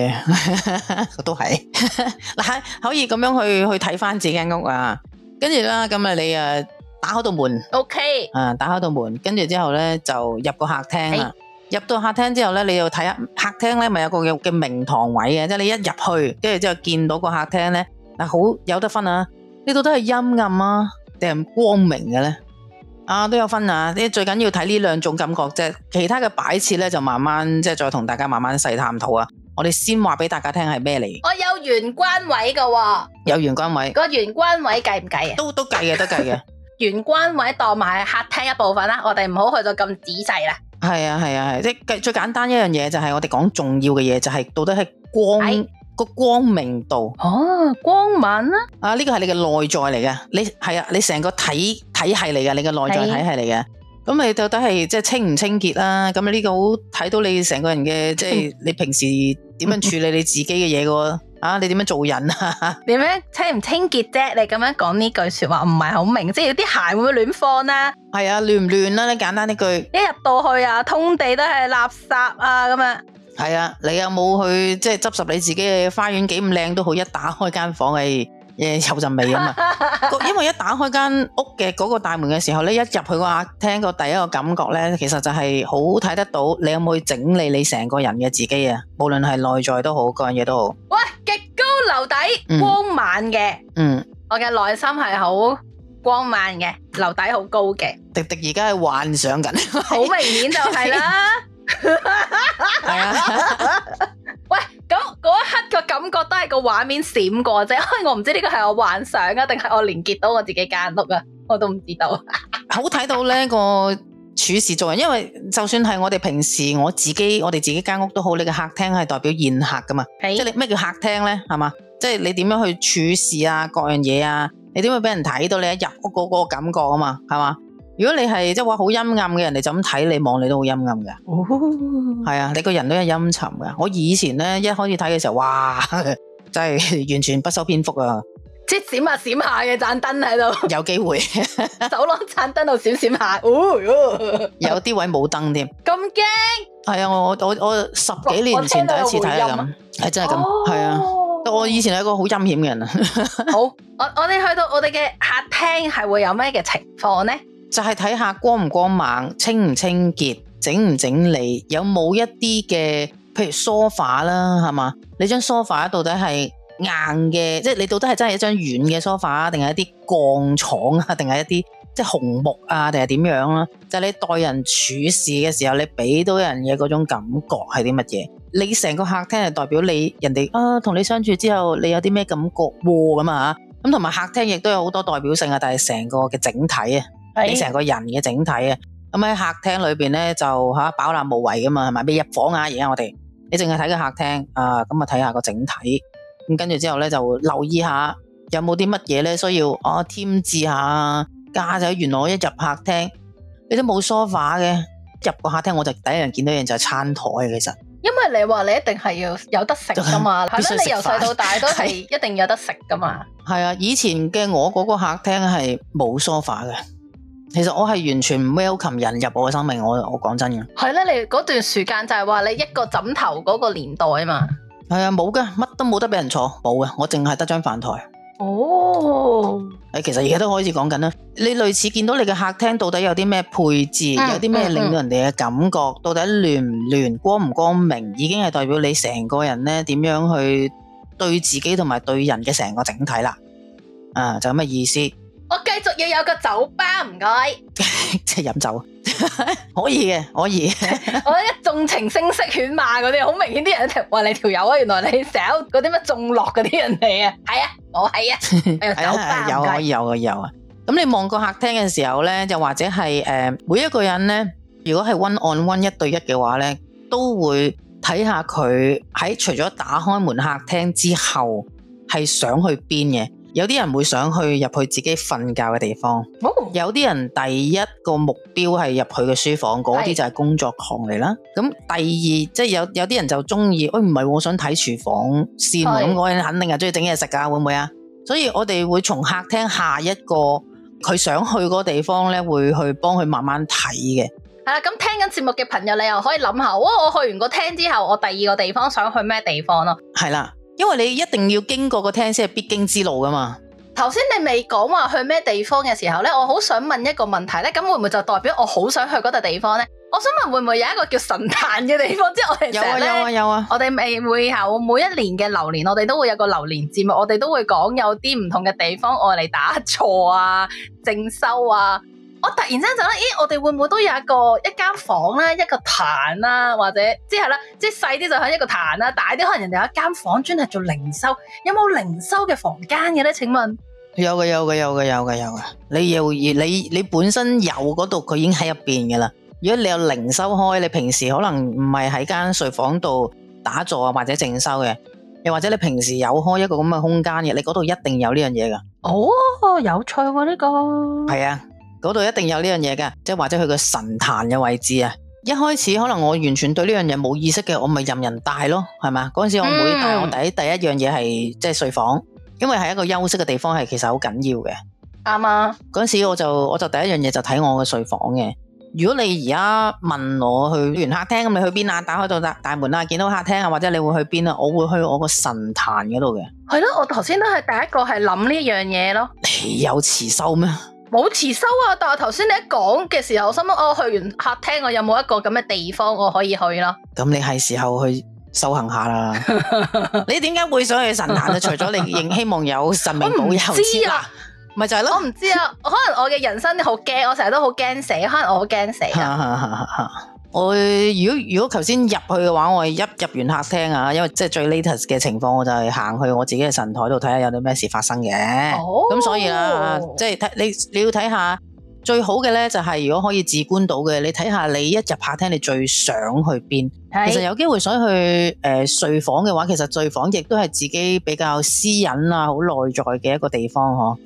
也是 可以咁樣去去睇翻自己間屋啊，跟住啦，咁啊你啊打開道門，OK，啊打開道門，跟住之後咧就入個客廳啦，Hey. 入到客廳之後咧，你要睇下客廳咧咪有個嘅嘅明堂位嘅，即係你一入去，跟住之後見到個客廳咧，嗱好有得分啊，呢度都係陰暗啊定係光明嘅咧？啊都有分啊，啲最緊要睇呢兩種感覺啫，其他嘅擺設咧就慢慢即係再同大家慢慢細探討啊。我哋先話俾大家聽係咩嚟？我有玄關位噶、哦，有玄關位，個玄關位計唔計啊？都都計嘅，都計嘅。玄 關位當埋客廳一部分啦，我哋唔好去到咁仔細啦。係啊係啊係，即係、啊啊、最簡單一樣嘢就係我哋講重要嘅嘢，就係到底係光個是光明度哦、啊，光猛啊！啊呢個係你嘅內在嚟嘅，你係啊，你成個體體系嚟嘅，你嘅內在體系嚟嘅。咁你到底係即係清唔清潔啦，啊？咁呢個好睇到你成個人嘅，即係 你平時點樣處理你自己嘅嘢噶喎？啊，你點樣做人啊？點樣清唔清潔啫？你咁樣講呢句說話唔係好明，即係有啲鞋會唔會亂放啦？係啊，亂唔亂啦？你簡單呢句。一入到去啊，通地都係垃圾啊，咁啊。係啊，你有冇去即係執拾你自己嘅花園幾咁靚都好，一打開間房係，誒 有陣味啊嘛，因為一打開間屋嘅嗰個大門嘅時候咧，一入去嘅話聽個第一個感覺咧，其實就係好睇得到你有冇去整理你成個人嘅自己啊，無論係內在都好，嗰樣嘢都好。喂，極高樓底光猛嘅，嗯，嗯，我嘅內心係好光猛嘅，樓底好高嘅。迪迪而家係幻想緊，好明顯就係啦。 咁嗰一刻個感覺都係個畫面閃過啫，因、哎、為我唔知呢個係我幻想啊，定係我連結到我自己間屋啊，我都唔知道。 好睇到呢、嗰個處事做人，因為就算係我哋平時我自己，我哋自己間屋都好，你個客廳係代表宴客噶嘛，Hey. 即係你咩叫客廳咧，係嘛？即係你點樣去處事啊，各樣嘢啊，你點會俾人睇到你一入屋嗰個感覺啊嘛，係嘛？如果你係即係話好陰暗嘅人，你就咁睇你望你都好陰暗㗎。哦，係啊，你個人都係陰沉㗎。我以前咧一開始睇嘅時候，哇，真係完全不修邊幅啊，閃啊，閃啊！即閃下閃下嘅盞燈喺度， 有機會走廊盞燈度閃閃下。有啲位冇燈添。咁驚？係啊，哦哦 嗯嗯、我我我十幾年前第一次睇係咁，係、啊欸、真係咁。係、哦、啊，我以前係一個好陰險嘅人啊。 好，我我哋去到我哋嘅客廳係會有咩嘅情況咧？就係睇下光唔光猛，清唔清潔，整唔整理，有冇一啲嘅，譬如 sofa 啦，係嘛？你張 sofa 到底係硬嘅，即係你到底係真係一張軟嘅 sofa 定係一啲鋼床啊，定係一啲即係紅木啊，定係點樣啦？就係，你待人處事嘅時候，你俾到人嘅嗰種感覺係啲乜嘢？你成個客廳係代表你人哋啊，同你相處之後，你有啲咩感覺咁啊？吓、啊、咁，同埋客廳亦都有好多代表性啊，但係成個嘅整體啊。你成個人嘅整體啊！咁喺客廳裏邊咧就吓飽覽無遺噶嘛，係咪？未入房啊？而家我哋你淨係睇個客廳啊，咁啊睇下個整體。咁跟住之後咧就留意下有冇啲乜嘢咧需要我、啊、添置下啊！加咗原來我一入客廳，你都冇梳化嘅入個客廳，我就第一樣見到嘢就係餐台。其實因為你話你一定係要有得食噶嘛，咁樣你由細到大都係一定有得食噶嘛。係 啊，以前嘅我嗰個客廳係冇梳化嘅。其實我係完全唔 welcome 人入我嘅生命，我我講真嘅。係咧，你嗰段時間就係話你一個枕頭嗰個年代啊嘛。係啊，冇噶，乜都冇得俾人坐，冇啊。我淨係得張飯台。哦，誒，其實而家都開始講緊啦。你類似見到你嘅客廳到底有啲咩配置，有啲咩令到人哋嘅感覺，嗯嗯嗯、到底亂唔亂、光唔光明，已經係代表你成個人咧點樣去對自己同埋對人嘅成個整體啦。誒、啊，就咁嘅意思。我繼續要有個酒吧，唔該，即係飲酒 可以嘅，可以。 我一縱情聲色犬馬嗰啲，好明顯啲人喺度話你條友啊，原來你成日嗰啲乜縱樂嗰啲人嚟啊，係 啊，我係啊， 啊，啊，啊，有有有啊有啊有啊。咁 你望過客廳嘅時候咧，又或者係誒、呃，每一個人咧，如果係 one on one 一對一嘅話咧，都會睇下佢喺除咗打開門客廳之後係想去邊嘅。有啲人會想去入去自己瞓覺嘅地方，哦、有啲人第一個目標係入去嘅書房，嗰啲就係工作狂嚟啦。咁是第二，即係有有啲人就中意，喂、哎，唔係，我想睇廚房，先嘛？我肯定係中意整嘢食噶，會唔會啊？所以我哋會從客廳下一個佢想去嗰個地方咧，會去幫佢慢慢睇嘅。係啦，咁聽緊節目嘅朋友，你又可以諗下，哇，我我去完個廳之後，我第二個地方想去咩地方咯？係啦。因為你一定要經過個廳先係必經之路噶嘛。頭先你未講話去咩地方嘅時候咧，我好想問一個問題咧，咁會唔會就代表我好想去嗰度地方咧？我想問會唔會有一個叫神壇嘅地方，即係 我哋有有啊，啊，有啊。有啊，我哋未會有每一年嘅流年，我哋都會有個流年節目，我哋都會講有啲唔同嘅地方，用嚟打坐啊，正修啊。我突然間就咧，咦？我哋會唔會都有一個一間房啦，一個壇啦，啊，或者即係啦，即係細啲就喺一個壇啦，啊，大啲可能人哋有一間房專係做靈修，有冇靈修嘅房間嘅咧？請問有嘅，有嘅，有嘅，有嘅，有嘅。你又你你本身有嗰度，佢已經喺入邊噶啦。如果你有靈修開，你平時可能唔係喺間睡房度打坐啊，或者靜修嘅，又或者你平時有開一個咁嘅空間嘅，你嗰度一定有呢樣嘢噶。哦，有趣喎、啊、呢、這個。係啊。嗰度一定有呢樣嘢嘅，即係或者佢個神壇嘅位置啊！一開始可能我完全對呢樣嘢冇意識嘅，我咪任人帶咯，係嘛？嗰陣時我每帶、嗯、我第一第一樣嘢係即係睡房，因為係一個休息嘅地方係其實好緊要嘅，啱啊！嗰陣時我就我就第一樣嘢就睇我嘅睡房嘅。如果你而家問我去完客廳咁，你去邊啊？打開到大大門啦，見到客廳啊，或者你會去邊啊？我會去我個神壇嗰度嘅。係咯，我頭先都係第一個係諗呢樣嘢咯。你有慈修咩？冇遲收啊！但係頭先你一講嘅時候，我心諗，我、哦、去完客廳，我有冇一個咁嘅地方我可以去咯？咁你係時候去修行下啦？ 你點解會想去神壇啊？ 除咗你仍希望有神明保佑、啊、之外、啊，咪就係咯？我唔知啊， 可能我嘅人生好驚，我成日都好驚死，可能我好驚死 我如果如果頭先入去嘅話，我一入完客廳啊，因為即係最 latest 嘅情況，我就係行去我自己嘅神台度睇下有啲咩事發生嘅。咁、oh。所以啊，即係睇你你要睇下。最好嘅咧就係如果可以自觀到嘅，你睇下你一入客廳你最想去邊？是其實有機會想去誒睡房嘅話，其實睡房亦都係自己比較私隱啊、好內在嘅一個地方呵。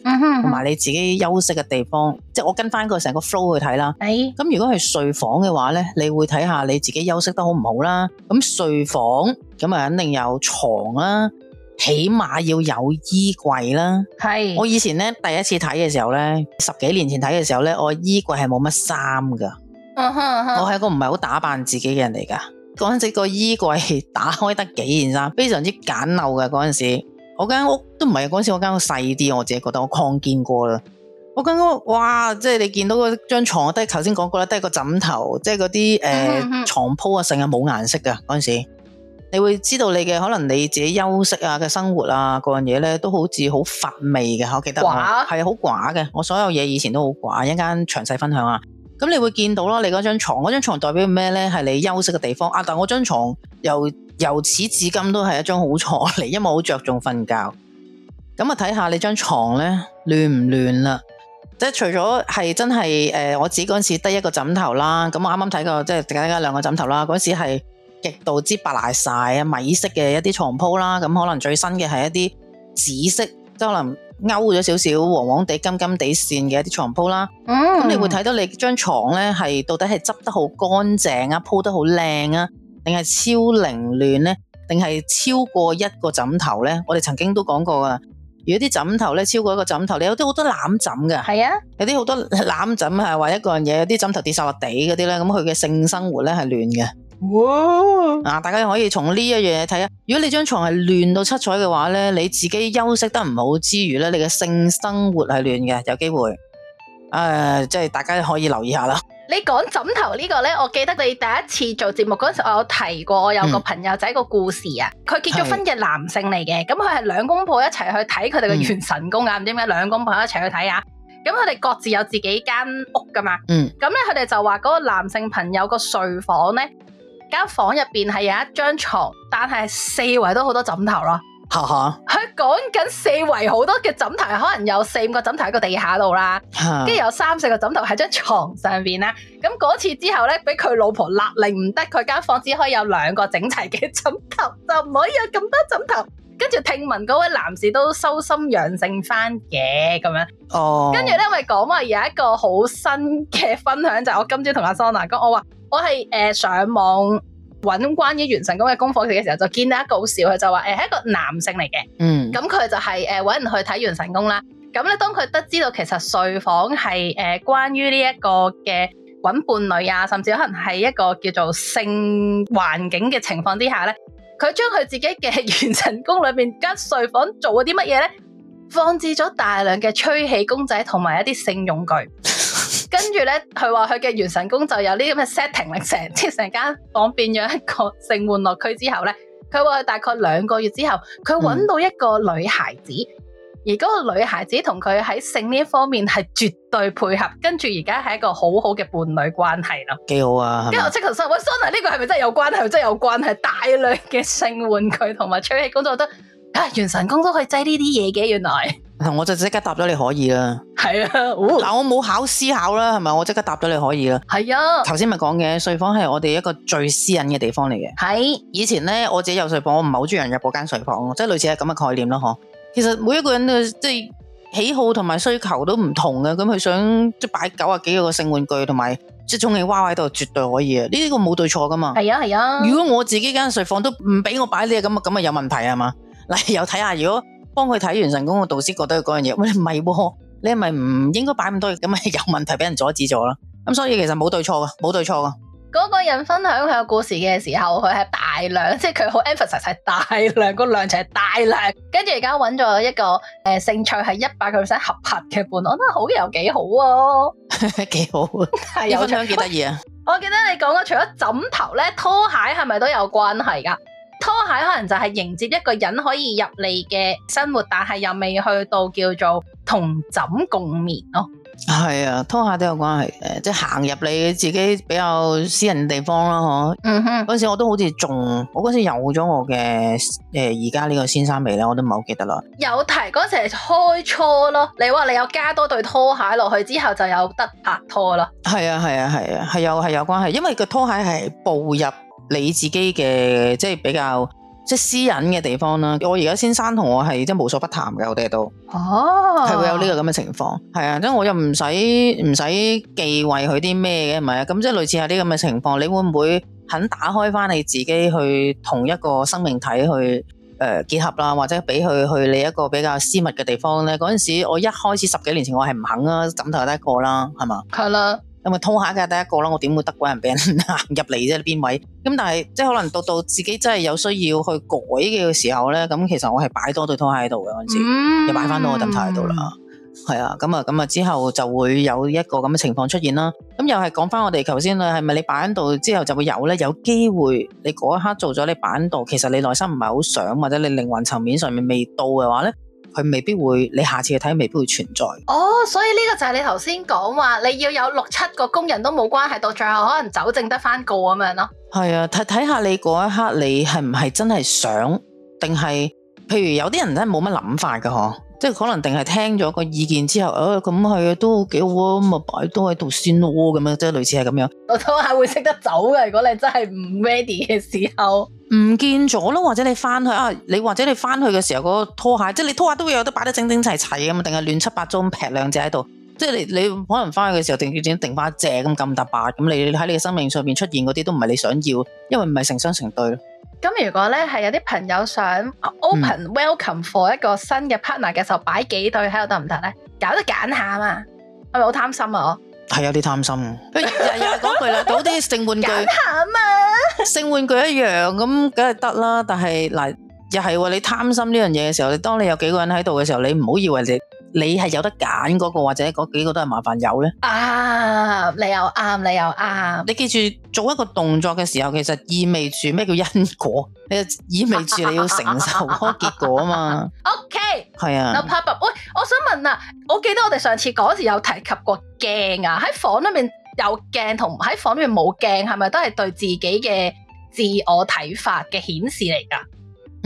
同埋、嗯嗯、你自己休息嘅地方，即係我跟翻個成個 flow 去睇啦。係是。咁如果係睡房嘅話咧，你會睇下你自己休息得好唔好啦。咁睡房咁啊，肯定有床啦、啊。起碼要有衣櫃啦。係是，我以前咧第一次睇嘅時候咧，十幾年前睇嘅時候咧，我衣櫃係冇乜衫噶。嗯嗯、我係一個唔係好打扮自己嘅人嚟噶。嗰陣時個衣櫃打開得幾件衫，非常之簡陋嘅嗰陣時。我間屋都唔係啊，嗰陣時我間屋細啲，我自己覺得我擴建過啦。我間屋，我間屋哇，即係你見到嗰張牀都係頭先講過啦，都係個枕頭，即係嗰啲誒牀鋪啊，成日冇顏色嘅嗰陣時。你會知道你嘅可能你自己休息啊嘅生活啊嗰樣嘢咧，都好似好乏味嘅。我記得係好寡嘅，我所有嘢以前都好寡。一陣間詳細分享啊，咁你會見到咯，你嗰張床嗰張床代表咩咧？係你休息嘅地方啊。但我張床由由此至今都係一張好床嚟，因為好着重瞓覺。咁啊，睇下你張床咧亂唔亂啦？即係除咗係真係誒、呃，我自己只嗰陣時得一個枕頭啦。咁我啱啱睇過，即係加加兩個枕頭啦。嗰陣時係。極度之白賴晒，啊，米色嘅一啲床鋪啦，咁可能最新嘅係一啲紫色，即可能勾咗少少黃黃地、金金地線嘅一啲床鋪啦。咁、mm. 你會睇到你張床咧係到底係執得好乾淨啊，鋪得好靚啊，定係超凌亂咧？定係超過一個枕頭咧？我哋曾經都講過噶，如果啲枕頭咧超過一個枕頭，你有啲好多攬枕嘅，係啊，有啲好多攬枕係話一個人嘢，有啲枕頭跌晒落地嗰啲咧，咁佢嘅性生活咧係亂嘅。哇！嗱、啊，大家可以從呢一樣嘢睇啊。如果你張床係亂到七彩嘅話咧，你自己休息得唔好之餘咧，你嘅性生活係亂嘅，有機會。誒、呃，即係大家可以留意下啦。你講枕頭個呢個咧，我記得你第一次做節目嗰陣時，我有提過我有個朋友仔個故事啊。佢、嗯、結咗婚嘅男性嚟嘅，咁佢係兩公婆一齊去睇佢哋嘅元神宮啊？唔、嗯、知咩解兩公婆一齊去睇啊？咁佢哋各自有自己間屋噶嘛？嗯。咁咧、嗯，佢哋就話嗰個男性朋友個睡房咧。間房入邊係有一張床，但係四圍都好多枕頭咯。吓吓，佢講緊四圍好多嘅枕頭，可能有四五個枕頭喺個地下度啦，跟住 有三四個枕頭喺張床上邊啦。咁嗰次之後咧，俾佢老婆勒令唔得，佢間房間只可以有兩個整齊嘅枕頭，就唔可以有咁多枕頭。跟住聽聞嗰位男士都修心養性翻嘅咁樣。 哦呢，跟住咧，我為講話有一個好新嘅分享，就是、我今朝同阿桑 o n 講，我話。我係誒上網揾關於元神宮嘅功課嘅時候，就見到一個好笑，佢就話誒係一個男性嚟嘅，嗯，咁佢就係誒搵人去睇元神宮啦。咁咧，當佢得知到其實睡房係誒關於呢一個嘅揾伴侶啊，甚至可能係一個叫做性環境嘅情況之下咧，佢將佢自己嘅元神宮裏邊間睡房做咗啲乜嘢咧？放置咗大量嘅吹氣公仔同埋一啲性用具。跟住咧，佢話佢嘅元神宮就有呢啲咁嘅 setting 成即係成間房變咗一個性玩樂區之後咧，佢話大概兩個月之後，佢揾到一個女孩子，嗯、而嗰個女孩子同佢喺性呢方面係絕對配合，跟住而家係一個好好嘅伴侶關係咯，幾好啊！跟住喂，Sona 呢個係咪真係有關係？真係有關係，大量嘅性玩具同埋吹氣工作都。啊！元神宮都可以擠呢啲嘢嘅，原來，我就即刻答咗你可以啦。係啊，但、哦啊、我冇考思考啦，係咪？我即刻答咗你可以啦。係啊，頭先咪講嘅，睡房係我哋一個最私隱嘅地方嚟嘅。係是以前咧，我自己有睡房，我唔係好中意人入嗰間睡房，即係類似係咁嘅概念咯，嗬。其實每一個人都即係喜好同埋需求都唔同嘅，咁佢想即係擺九十幾個性玩具同埋即係充氣娃娃喺度，絕對可以，對啊！呢個冇對錯噶嘛。係啊係啊，如果我自己間睡房都唔俾我擺呢，咁啊咁啊有問題啊嘛。嗱， 又睇下，如果幫佢睇完成功個導師覺得佢嗰樣嘢，喂，唔係喎，你係咪唔應該擺咁多嘢，咁 咪有問題俾人阻止咗啦。咁、嗯、所以其實冇對錯噶，冇對錯噶。嗰個人分享佢故事嘅時候，佢係大量，即係佢好 emphasize 係大量，個量就係大量。跟住而家揾咗一個誒興、呃、趣係一百個 percent 合拍嘅伴侶，我覺得好嘅又幾好啊，幾 好啊的！呢個 趣分享幾得意啊！喂 我記得你講過，除咗枕頭咧，拖鞋係咪都有關係噶？拖鞋可能就係迎接一個人可以入嚟嘅生活，但係又未去到叫做同枕共眠咯。係啊，拖鞋都有關係嘅，即係行入你自己比較私人嘅地方啦，嗬。嗯哼，嗰時我都好似仲，我嗰時有咗我嘅誒而家呢個先生未咧，我都唔係好記得啦。有提嗰時係開初咯，你話你有加多對拖鞋落去之後就有得拍拖啦。係啊係啊係啊，係有係有關係，因為個拖鞋係步入。你自己嘅即係比較即係私隱嘅地方啦。我而家先生同我係即係無所不談嘅，我哋都哦，係會有呢個咁嘅情況。係啊，因為我又唔使唔使忌諱佢啲咩嘅，係咪啊？咁即係類似係啲咁嘅情況。你會唔會肯打開翻你自己去同一個生命體去誒、呃、結合啦，或者俾佢去你一個比較私密嘅地方咧？嗰陣時我一開始十幾年前我係唔肯啊，枕頭得一個啦，係嘛？係啦。有咪拖鞋嘅得一個啦，我點會得鬼人俾人行入嚟啫？邊位？咁但係即係可能到到自己真係有需要去改嘅時候咧，咁其實我係擺多對拖鞋喺度嘅，嗰陣時，又擺翻到我枕頭喺度啦。係啊、嗯，咁啊，咁啊之後就會有一個咁嘅情況出現啦。咁又係講翻我哋頭先啊，係咪你擺喺度之後就會有咧？有機會你嗰一刻做咗你擺喺度，其實你內心唔係好想，或者你靈魂層面上面未到嘅話咧？佢未必會，你下次去睇未必會存在。哦，oh, 所以呢個就係你頭先講話，你要有六七個工人都冇關係，到最後可能走剩得翻個咁樣咯。係啊，睇睇下你嗰一刻你係唔係真係想，定係譬如有啲人真係冇乜諗法嘅嗬。即係可能定係聽咗個意見之後，誒咁係都幾好啊，咁啊擺多喺度先咯，咁樣即係類似係咁樣。我拖鞋會識得走嘅，如果你真係唔 ready 嘅時候，唔見咗咯，或者你翻去啊，你或者你翻去嘅時候，嗰個拖鞋，即係你拖鞋都會有得擺得整整齊齊嘅，咁啊定係亂七八糟咁劈兩隻喺度，即係你你可能翻去嘅時候，定定翻一隻咁咁突突咁，你喺你嘅生命上面出現嗰啲都唔係你想要，因為唔係成雙成對。咁如果咧係有啲朋友想 open welcome for 一個新嘅 partner 嘅時候，擺幾對喺度得唔得咧？搞得揀下啊嘛，係咪好貪心啊！哦，係有啲貪心。又又係嗰句啦，賭啲性玩具揀下啊嘛，性玩具一樣咁，梗係得啦。但係嗱，又係喎，你貪心呢樣嘢嘅時候，你當你有幾個人喺度嘅時候，你唔好以為你。你係有得揀嗰個，或者嗰幾個都係麻煩有咧？啊，你又啱，你又啱。你記住做一個動作嘅時候，其實意味住咩叫因果？你就意味住你要承受嗰個結果啊嘛。 OK，係啊。劉柏喂，我想問啊，我記得我哋上次嗰時有提及過鏡啊，喺房裏面有鏡同喺房裏面冇鏡，係咪都係對自己嘅自我睇法嘅顯示嚟㗎？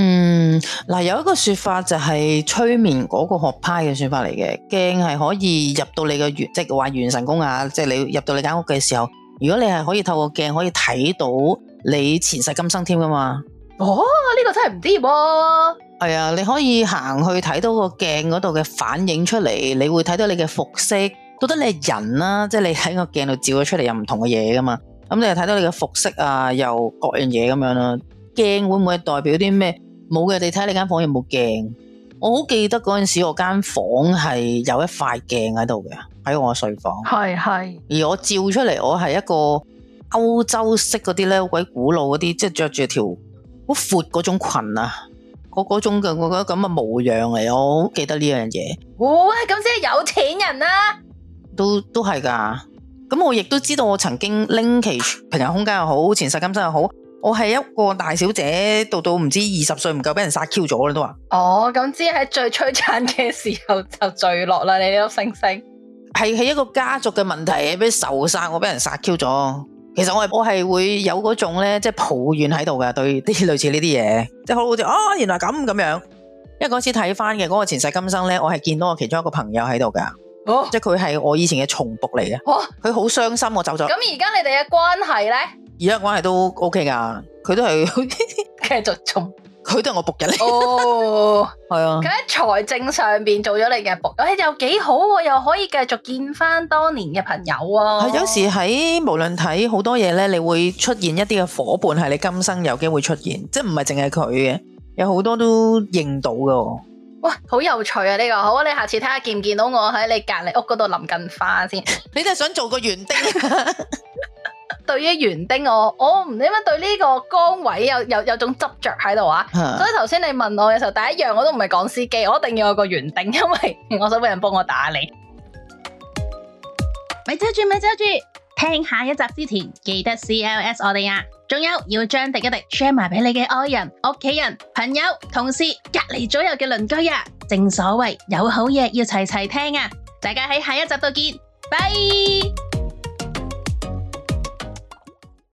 嗯，嗱、啊，有一個說法就係催眠嗰個學派嘅說法嚟嘅，鏡係可以入到你嘅元，即係話元神宮啊，即係你入到你間屋嘅時候，如果你係可以透過鏡可以睇到你前世今生添噶嘛哦，呢個真係唔知喎。係啊，你可以行去睇到個鏡嗰度嘅反映出嚟，你會睇到你嘅服飾，到底你係人啦、啊，即係你喺個鏡度照咗出嚟又唔同嘅嘢噶嘛咁你又睇到你嘅服飾啊，又各樣嘢咁樣啦。鏡會唔會代表啲咩？冇嘅，你睇下你間房有冇鏡？我好記得嗰陣時我間房係有一塊鏡喺度嘅，喺我睡房。係係是，而我照出嚟我係一個歐洲式嗰啲咧，好鬼古老嗰啲，即係着住條好闊嗰種裙啊，嗰種嘅，我覺得咁嘅模樣嚟，我好記得呢樣嘢。哇、哦，咁即係有錢人啊，都都係噶。咁我亦都知道我曾經拎其 n k 朋友空間又好，前世今生又好。我係一個大小姐，到到唔知二十歲唔夠，俾人殺 Q 咗啦都話。哦，咁知喺最璀璨嘅時候就墜落啦，你呢個星星係係一個家族嘅問題，俾、哦、仇殺我，俾人殺 Q 咗。其實我係我係會有嗰種咧，即係抱怨喺度噶，對啲類似呢啲嘢，即係好好似。哦、啊，原來咁咁樣，樣。因為嗰次睇翻嘅嗰個前世今生咧，我係見到我其中一個朋友喺度噶，哦，即係佢係我以前嘅重播嚟嘅。哇、哦，佢好傷心，我走咗。咁而家你哋嘅關係咧？而家關係都 OK 噶，佢都係繼續沖，佢都係我僕人嚟。哦，係啊。佢喺財政上邊做咗你嘅僕，唉，又幾好，又可以繼續見翻多年嘅朋友啊！係有時喺無論睇好多嘢咧，你會出現一啲嘅夥伴，係你今生有機會出現，即係唔係淨係佢嘅，有好多都認到噶。哇，好有趣啊！呢個好啊，你下次睇下見唔見到我喺你隔籬屋嗰度淋緊花先。你真係想做個園丁。對於園丁，我我唔知點解對呢個崗位有有有種執着喺度啊，所以頭先你問我嘅時候，第一樣我都唔係講司機，我一定要有個園丁，因為我想俾人幫我打理。咪遮住咪遮住，聽下一集之前記得 C L S 我哋啊，仲有要將廸一廸 share 埋俾你嘅愛人、屋企人、朋友、同事、隔籬左右嘅鄰居啊。正所謂有好嘢要齊齊聽啊，大家喺下一集度見，拜。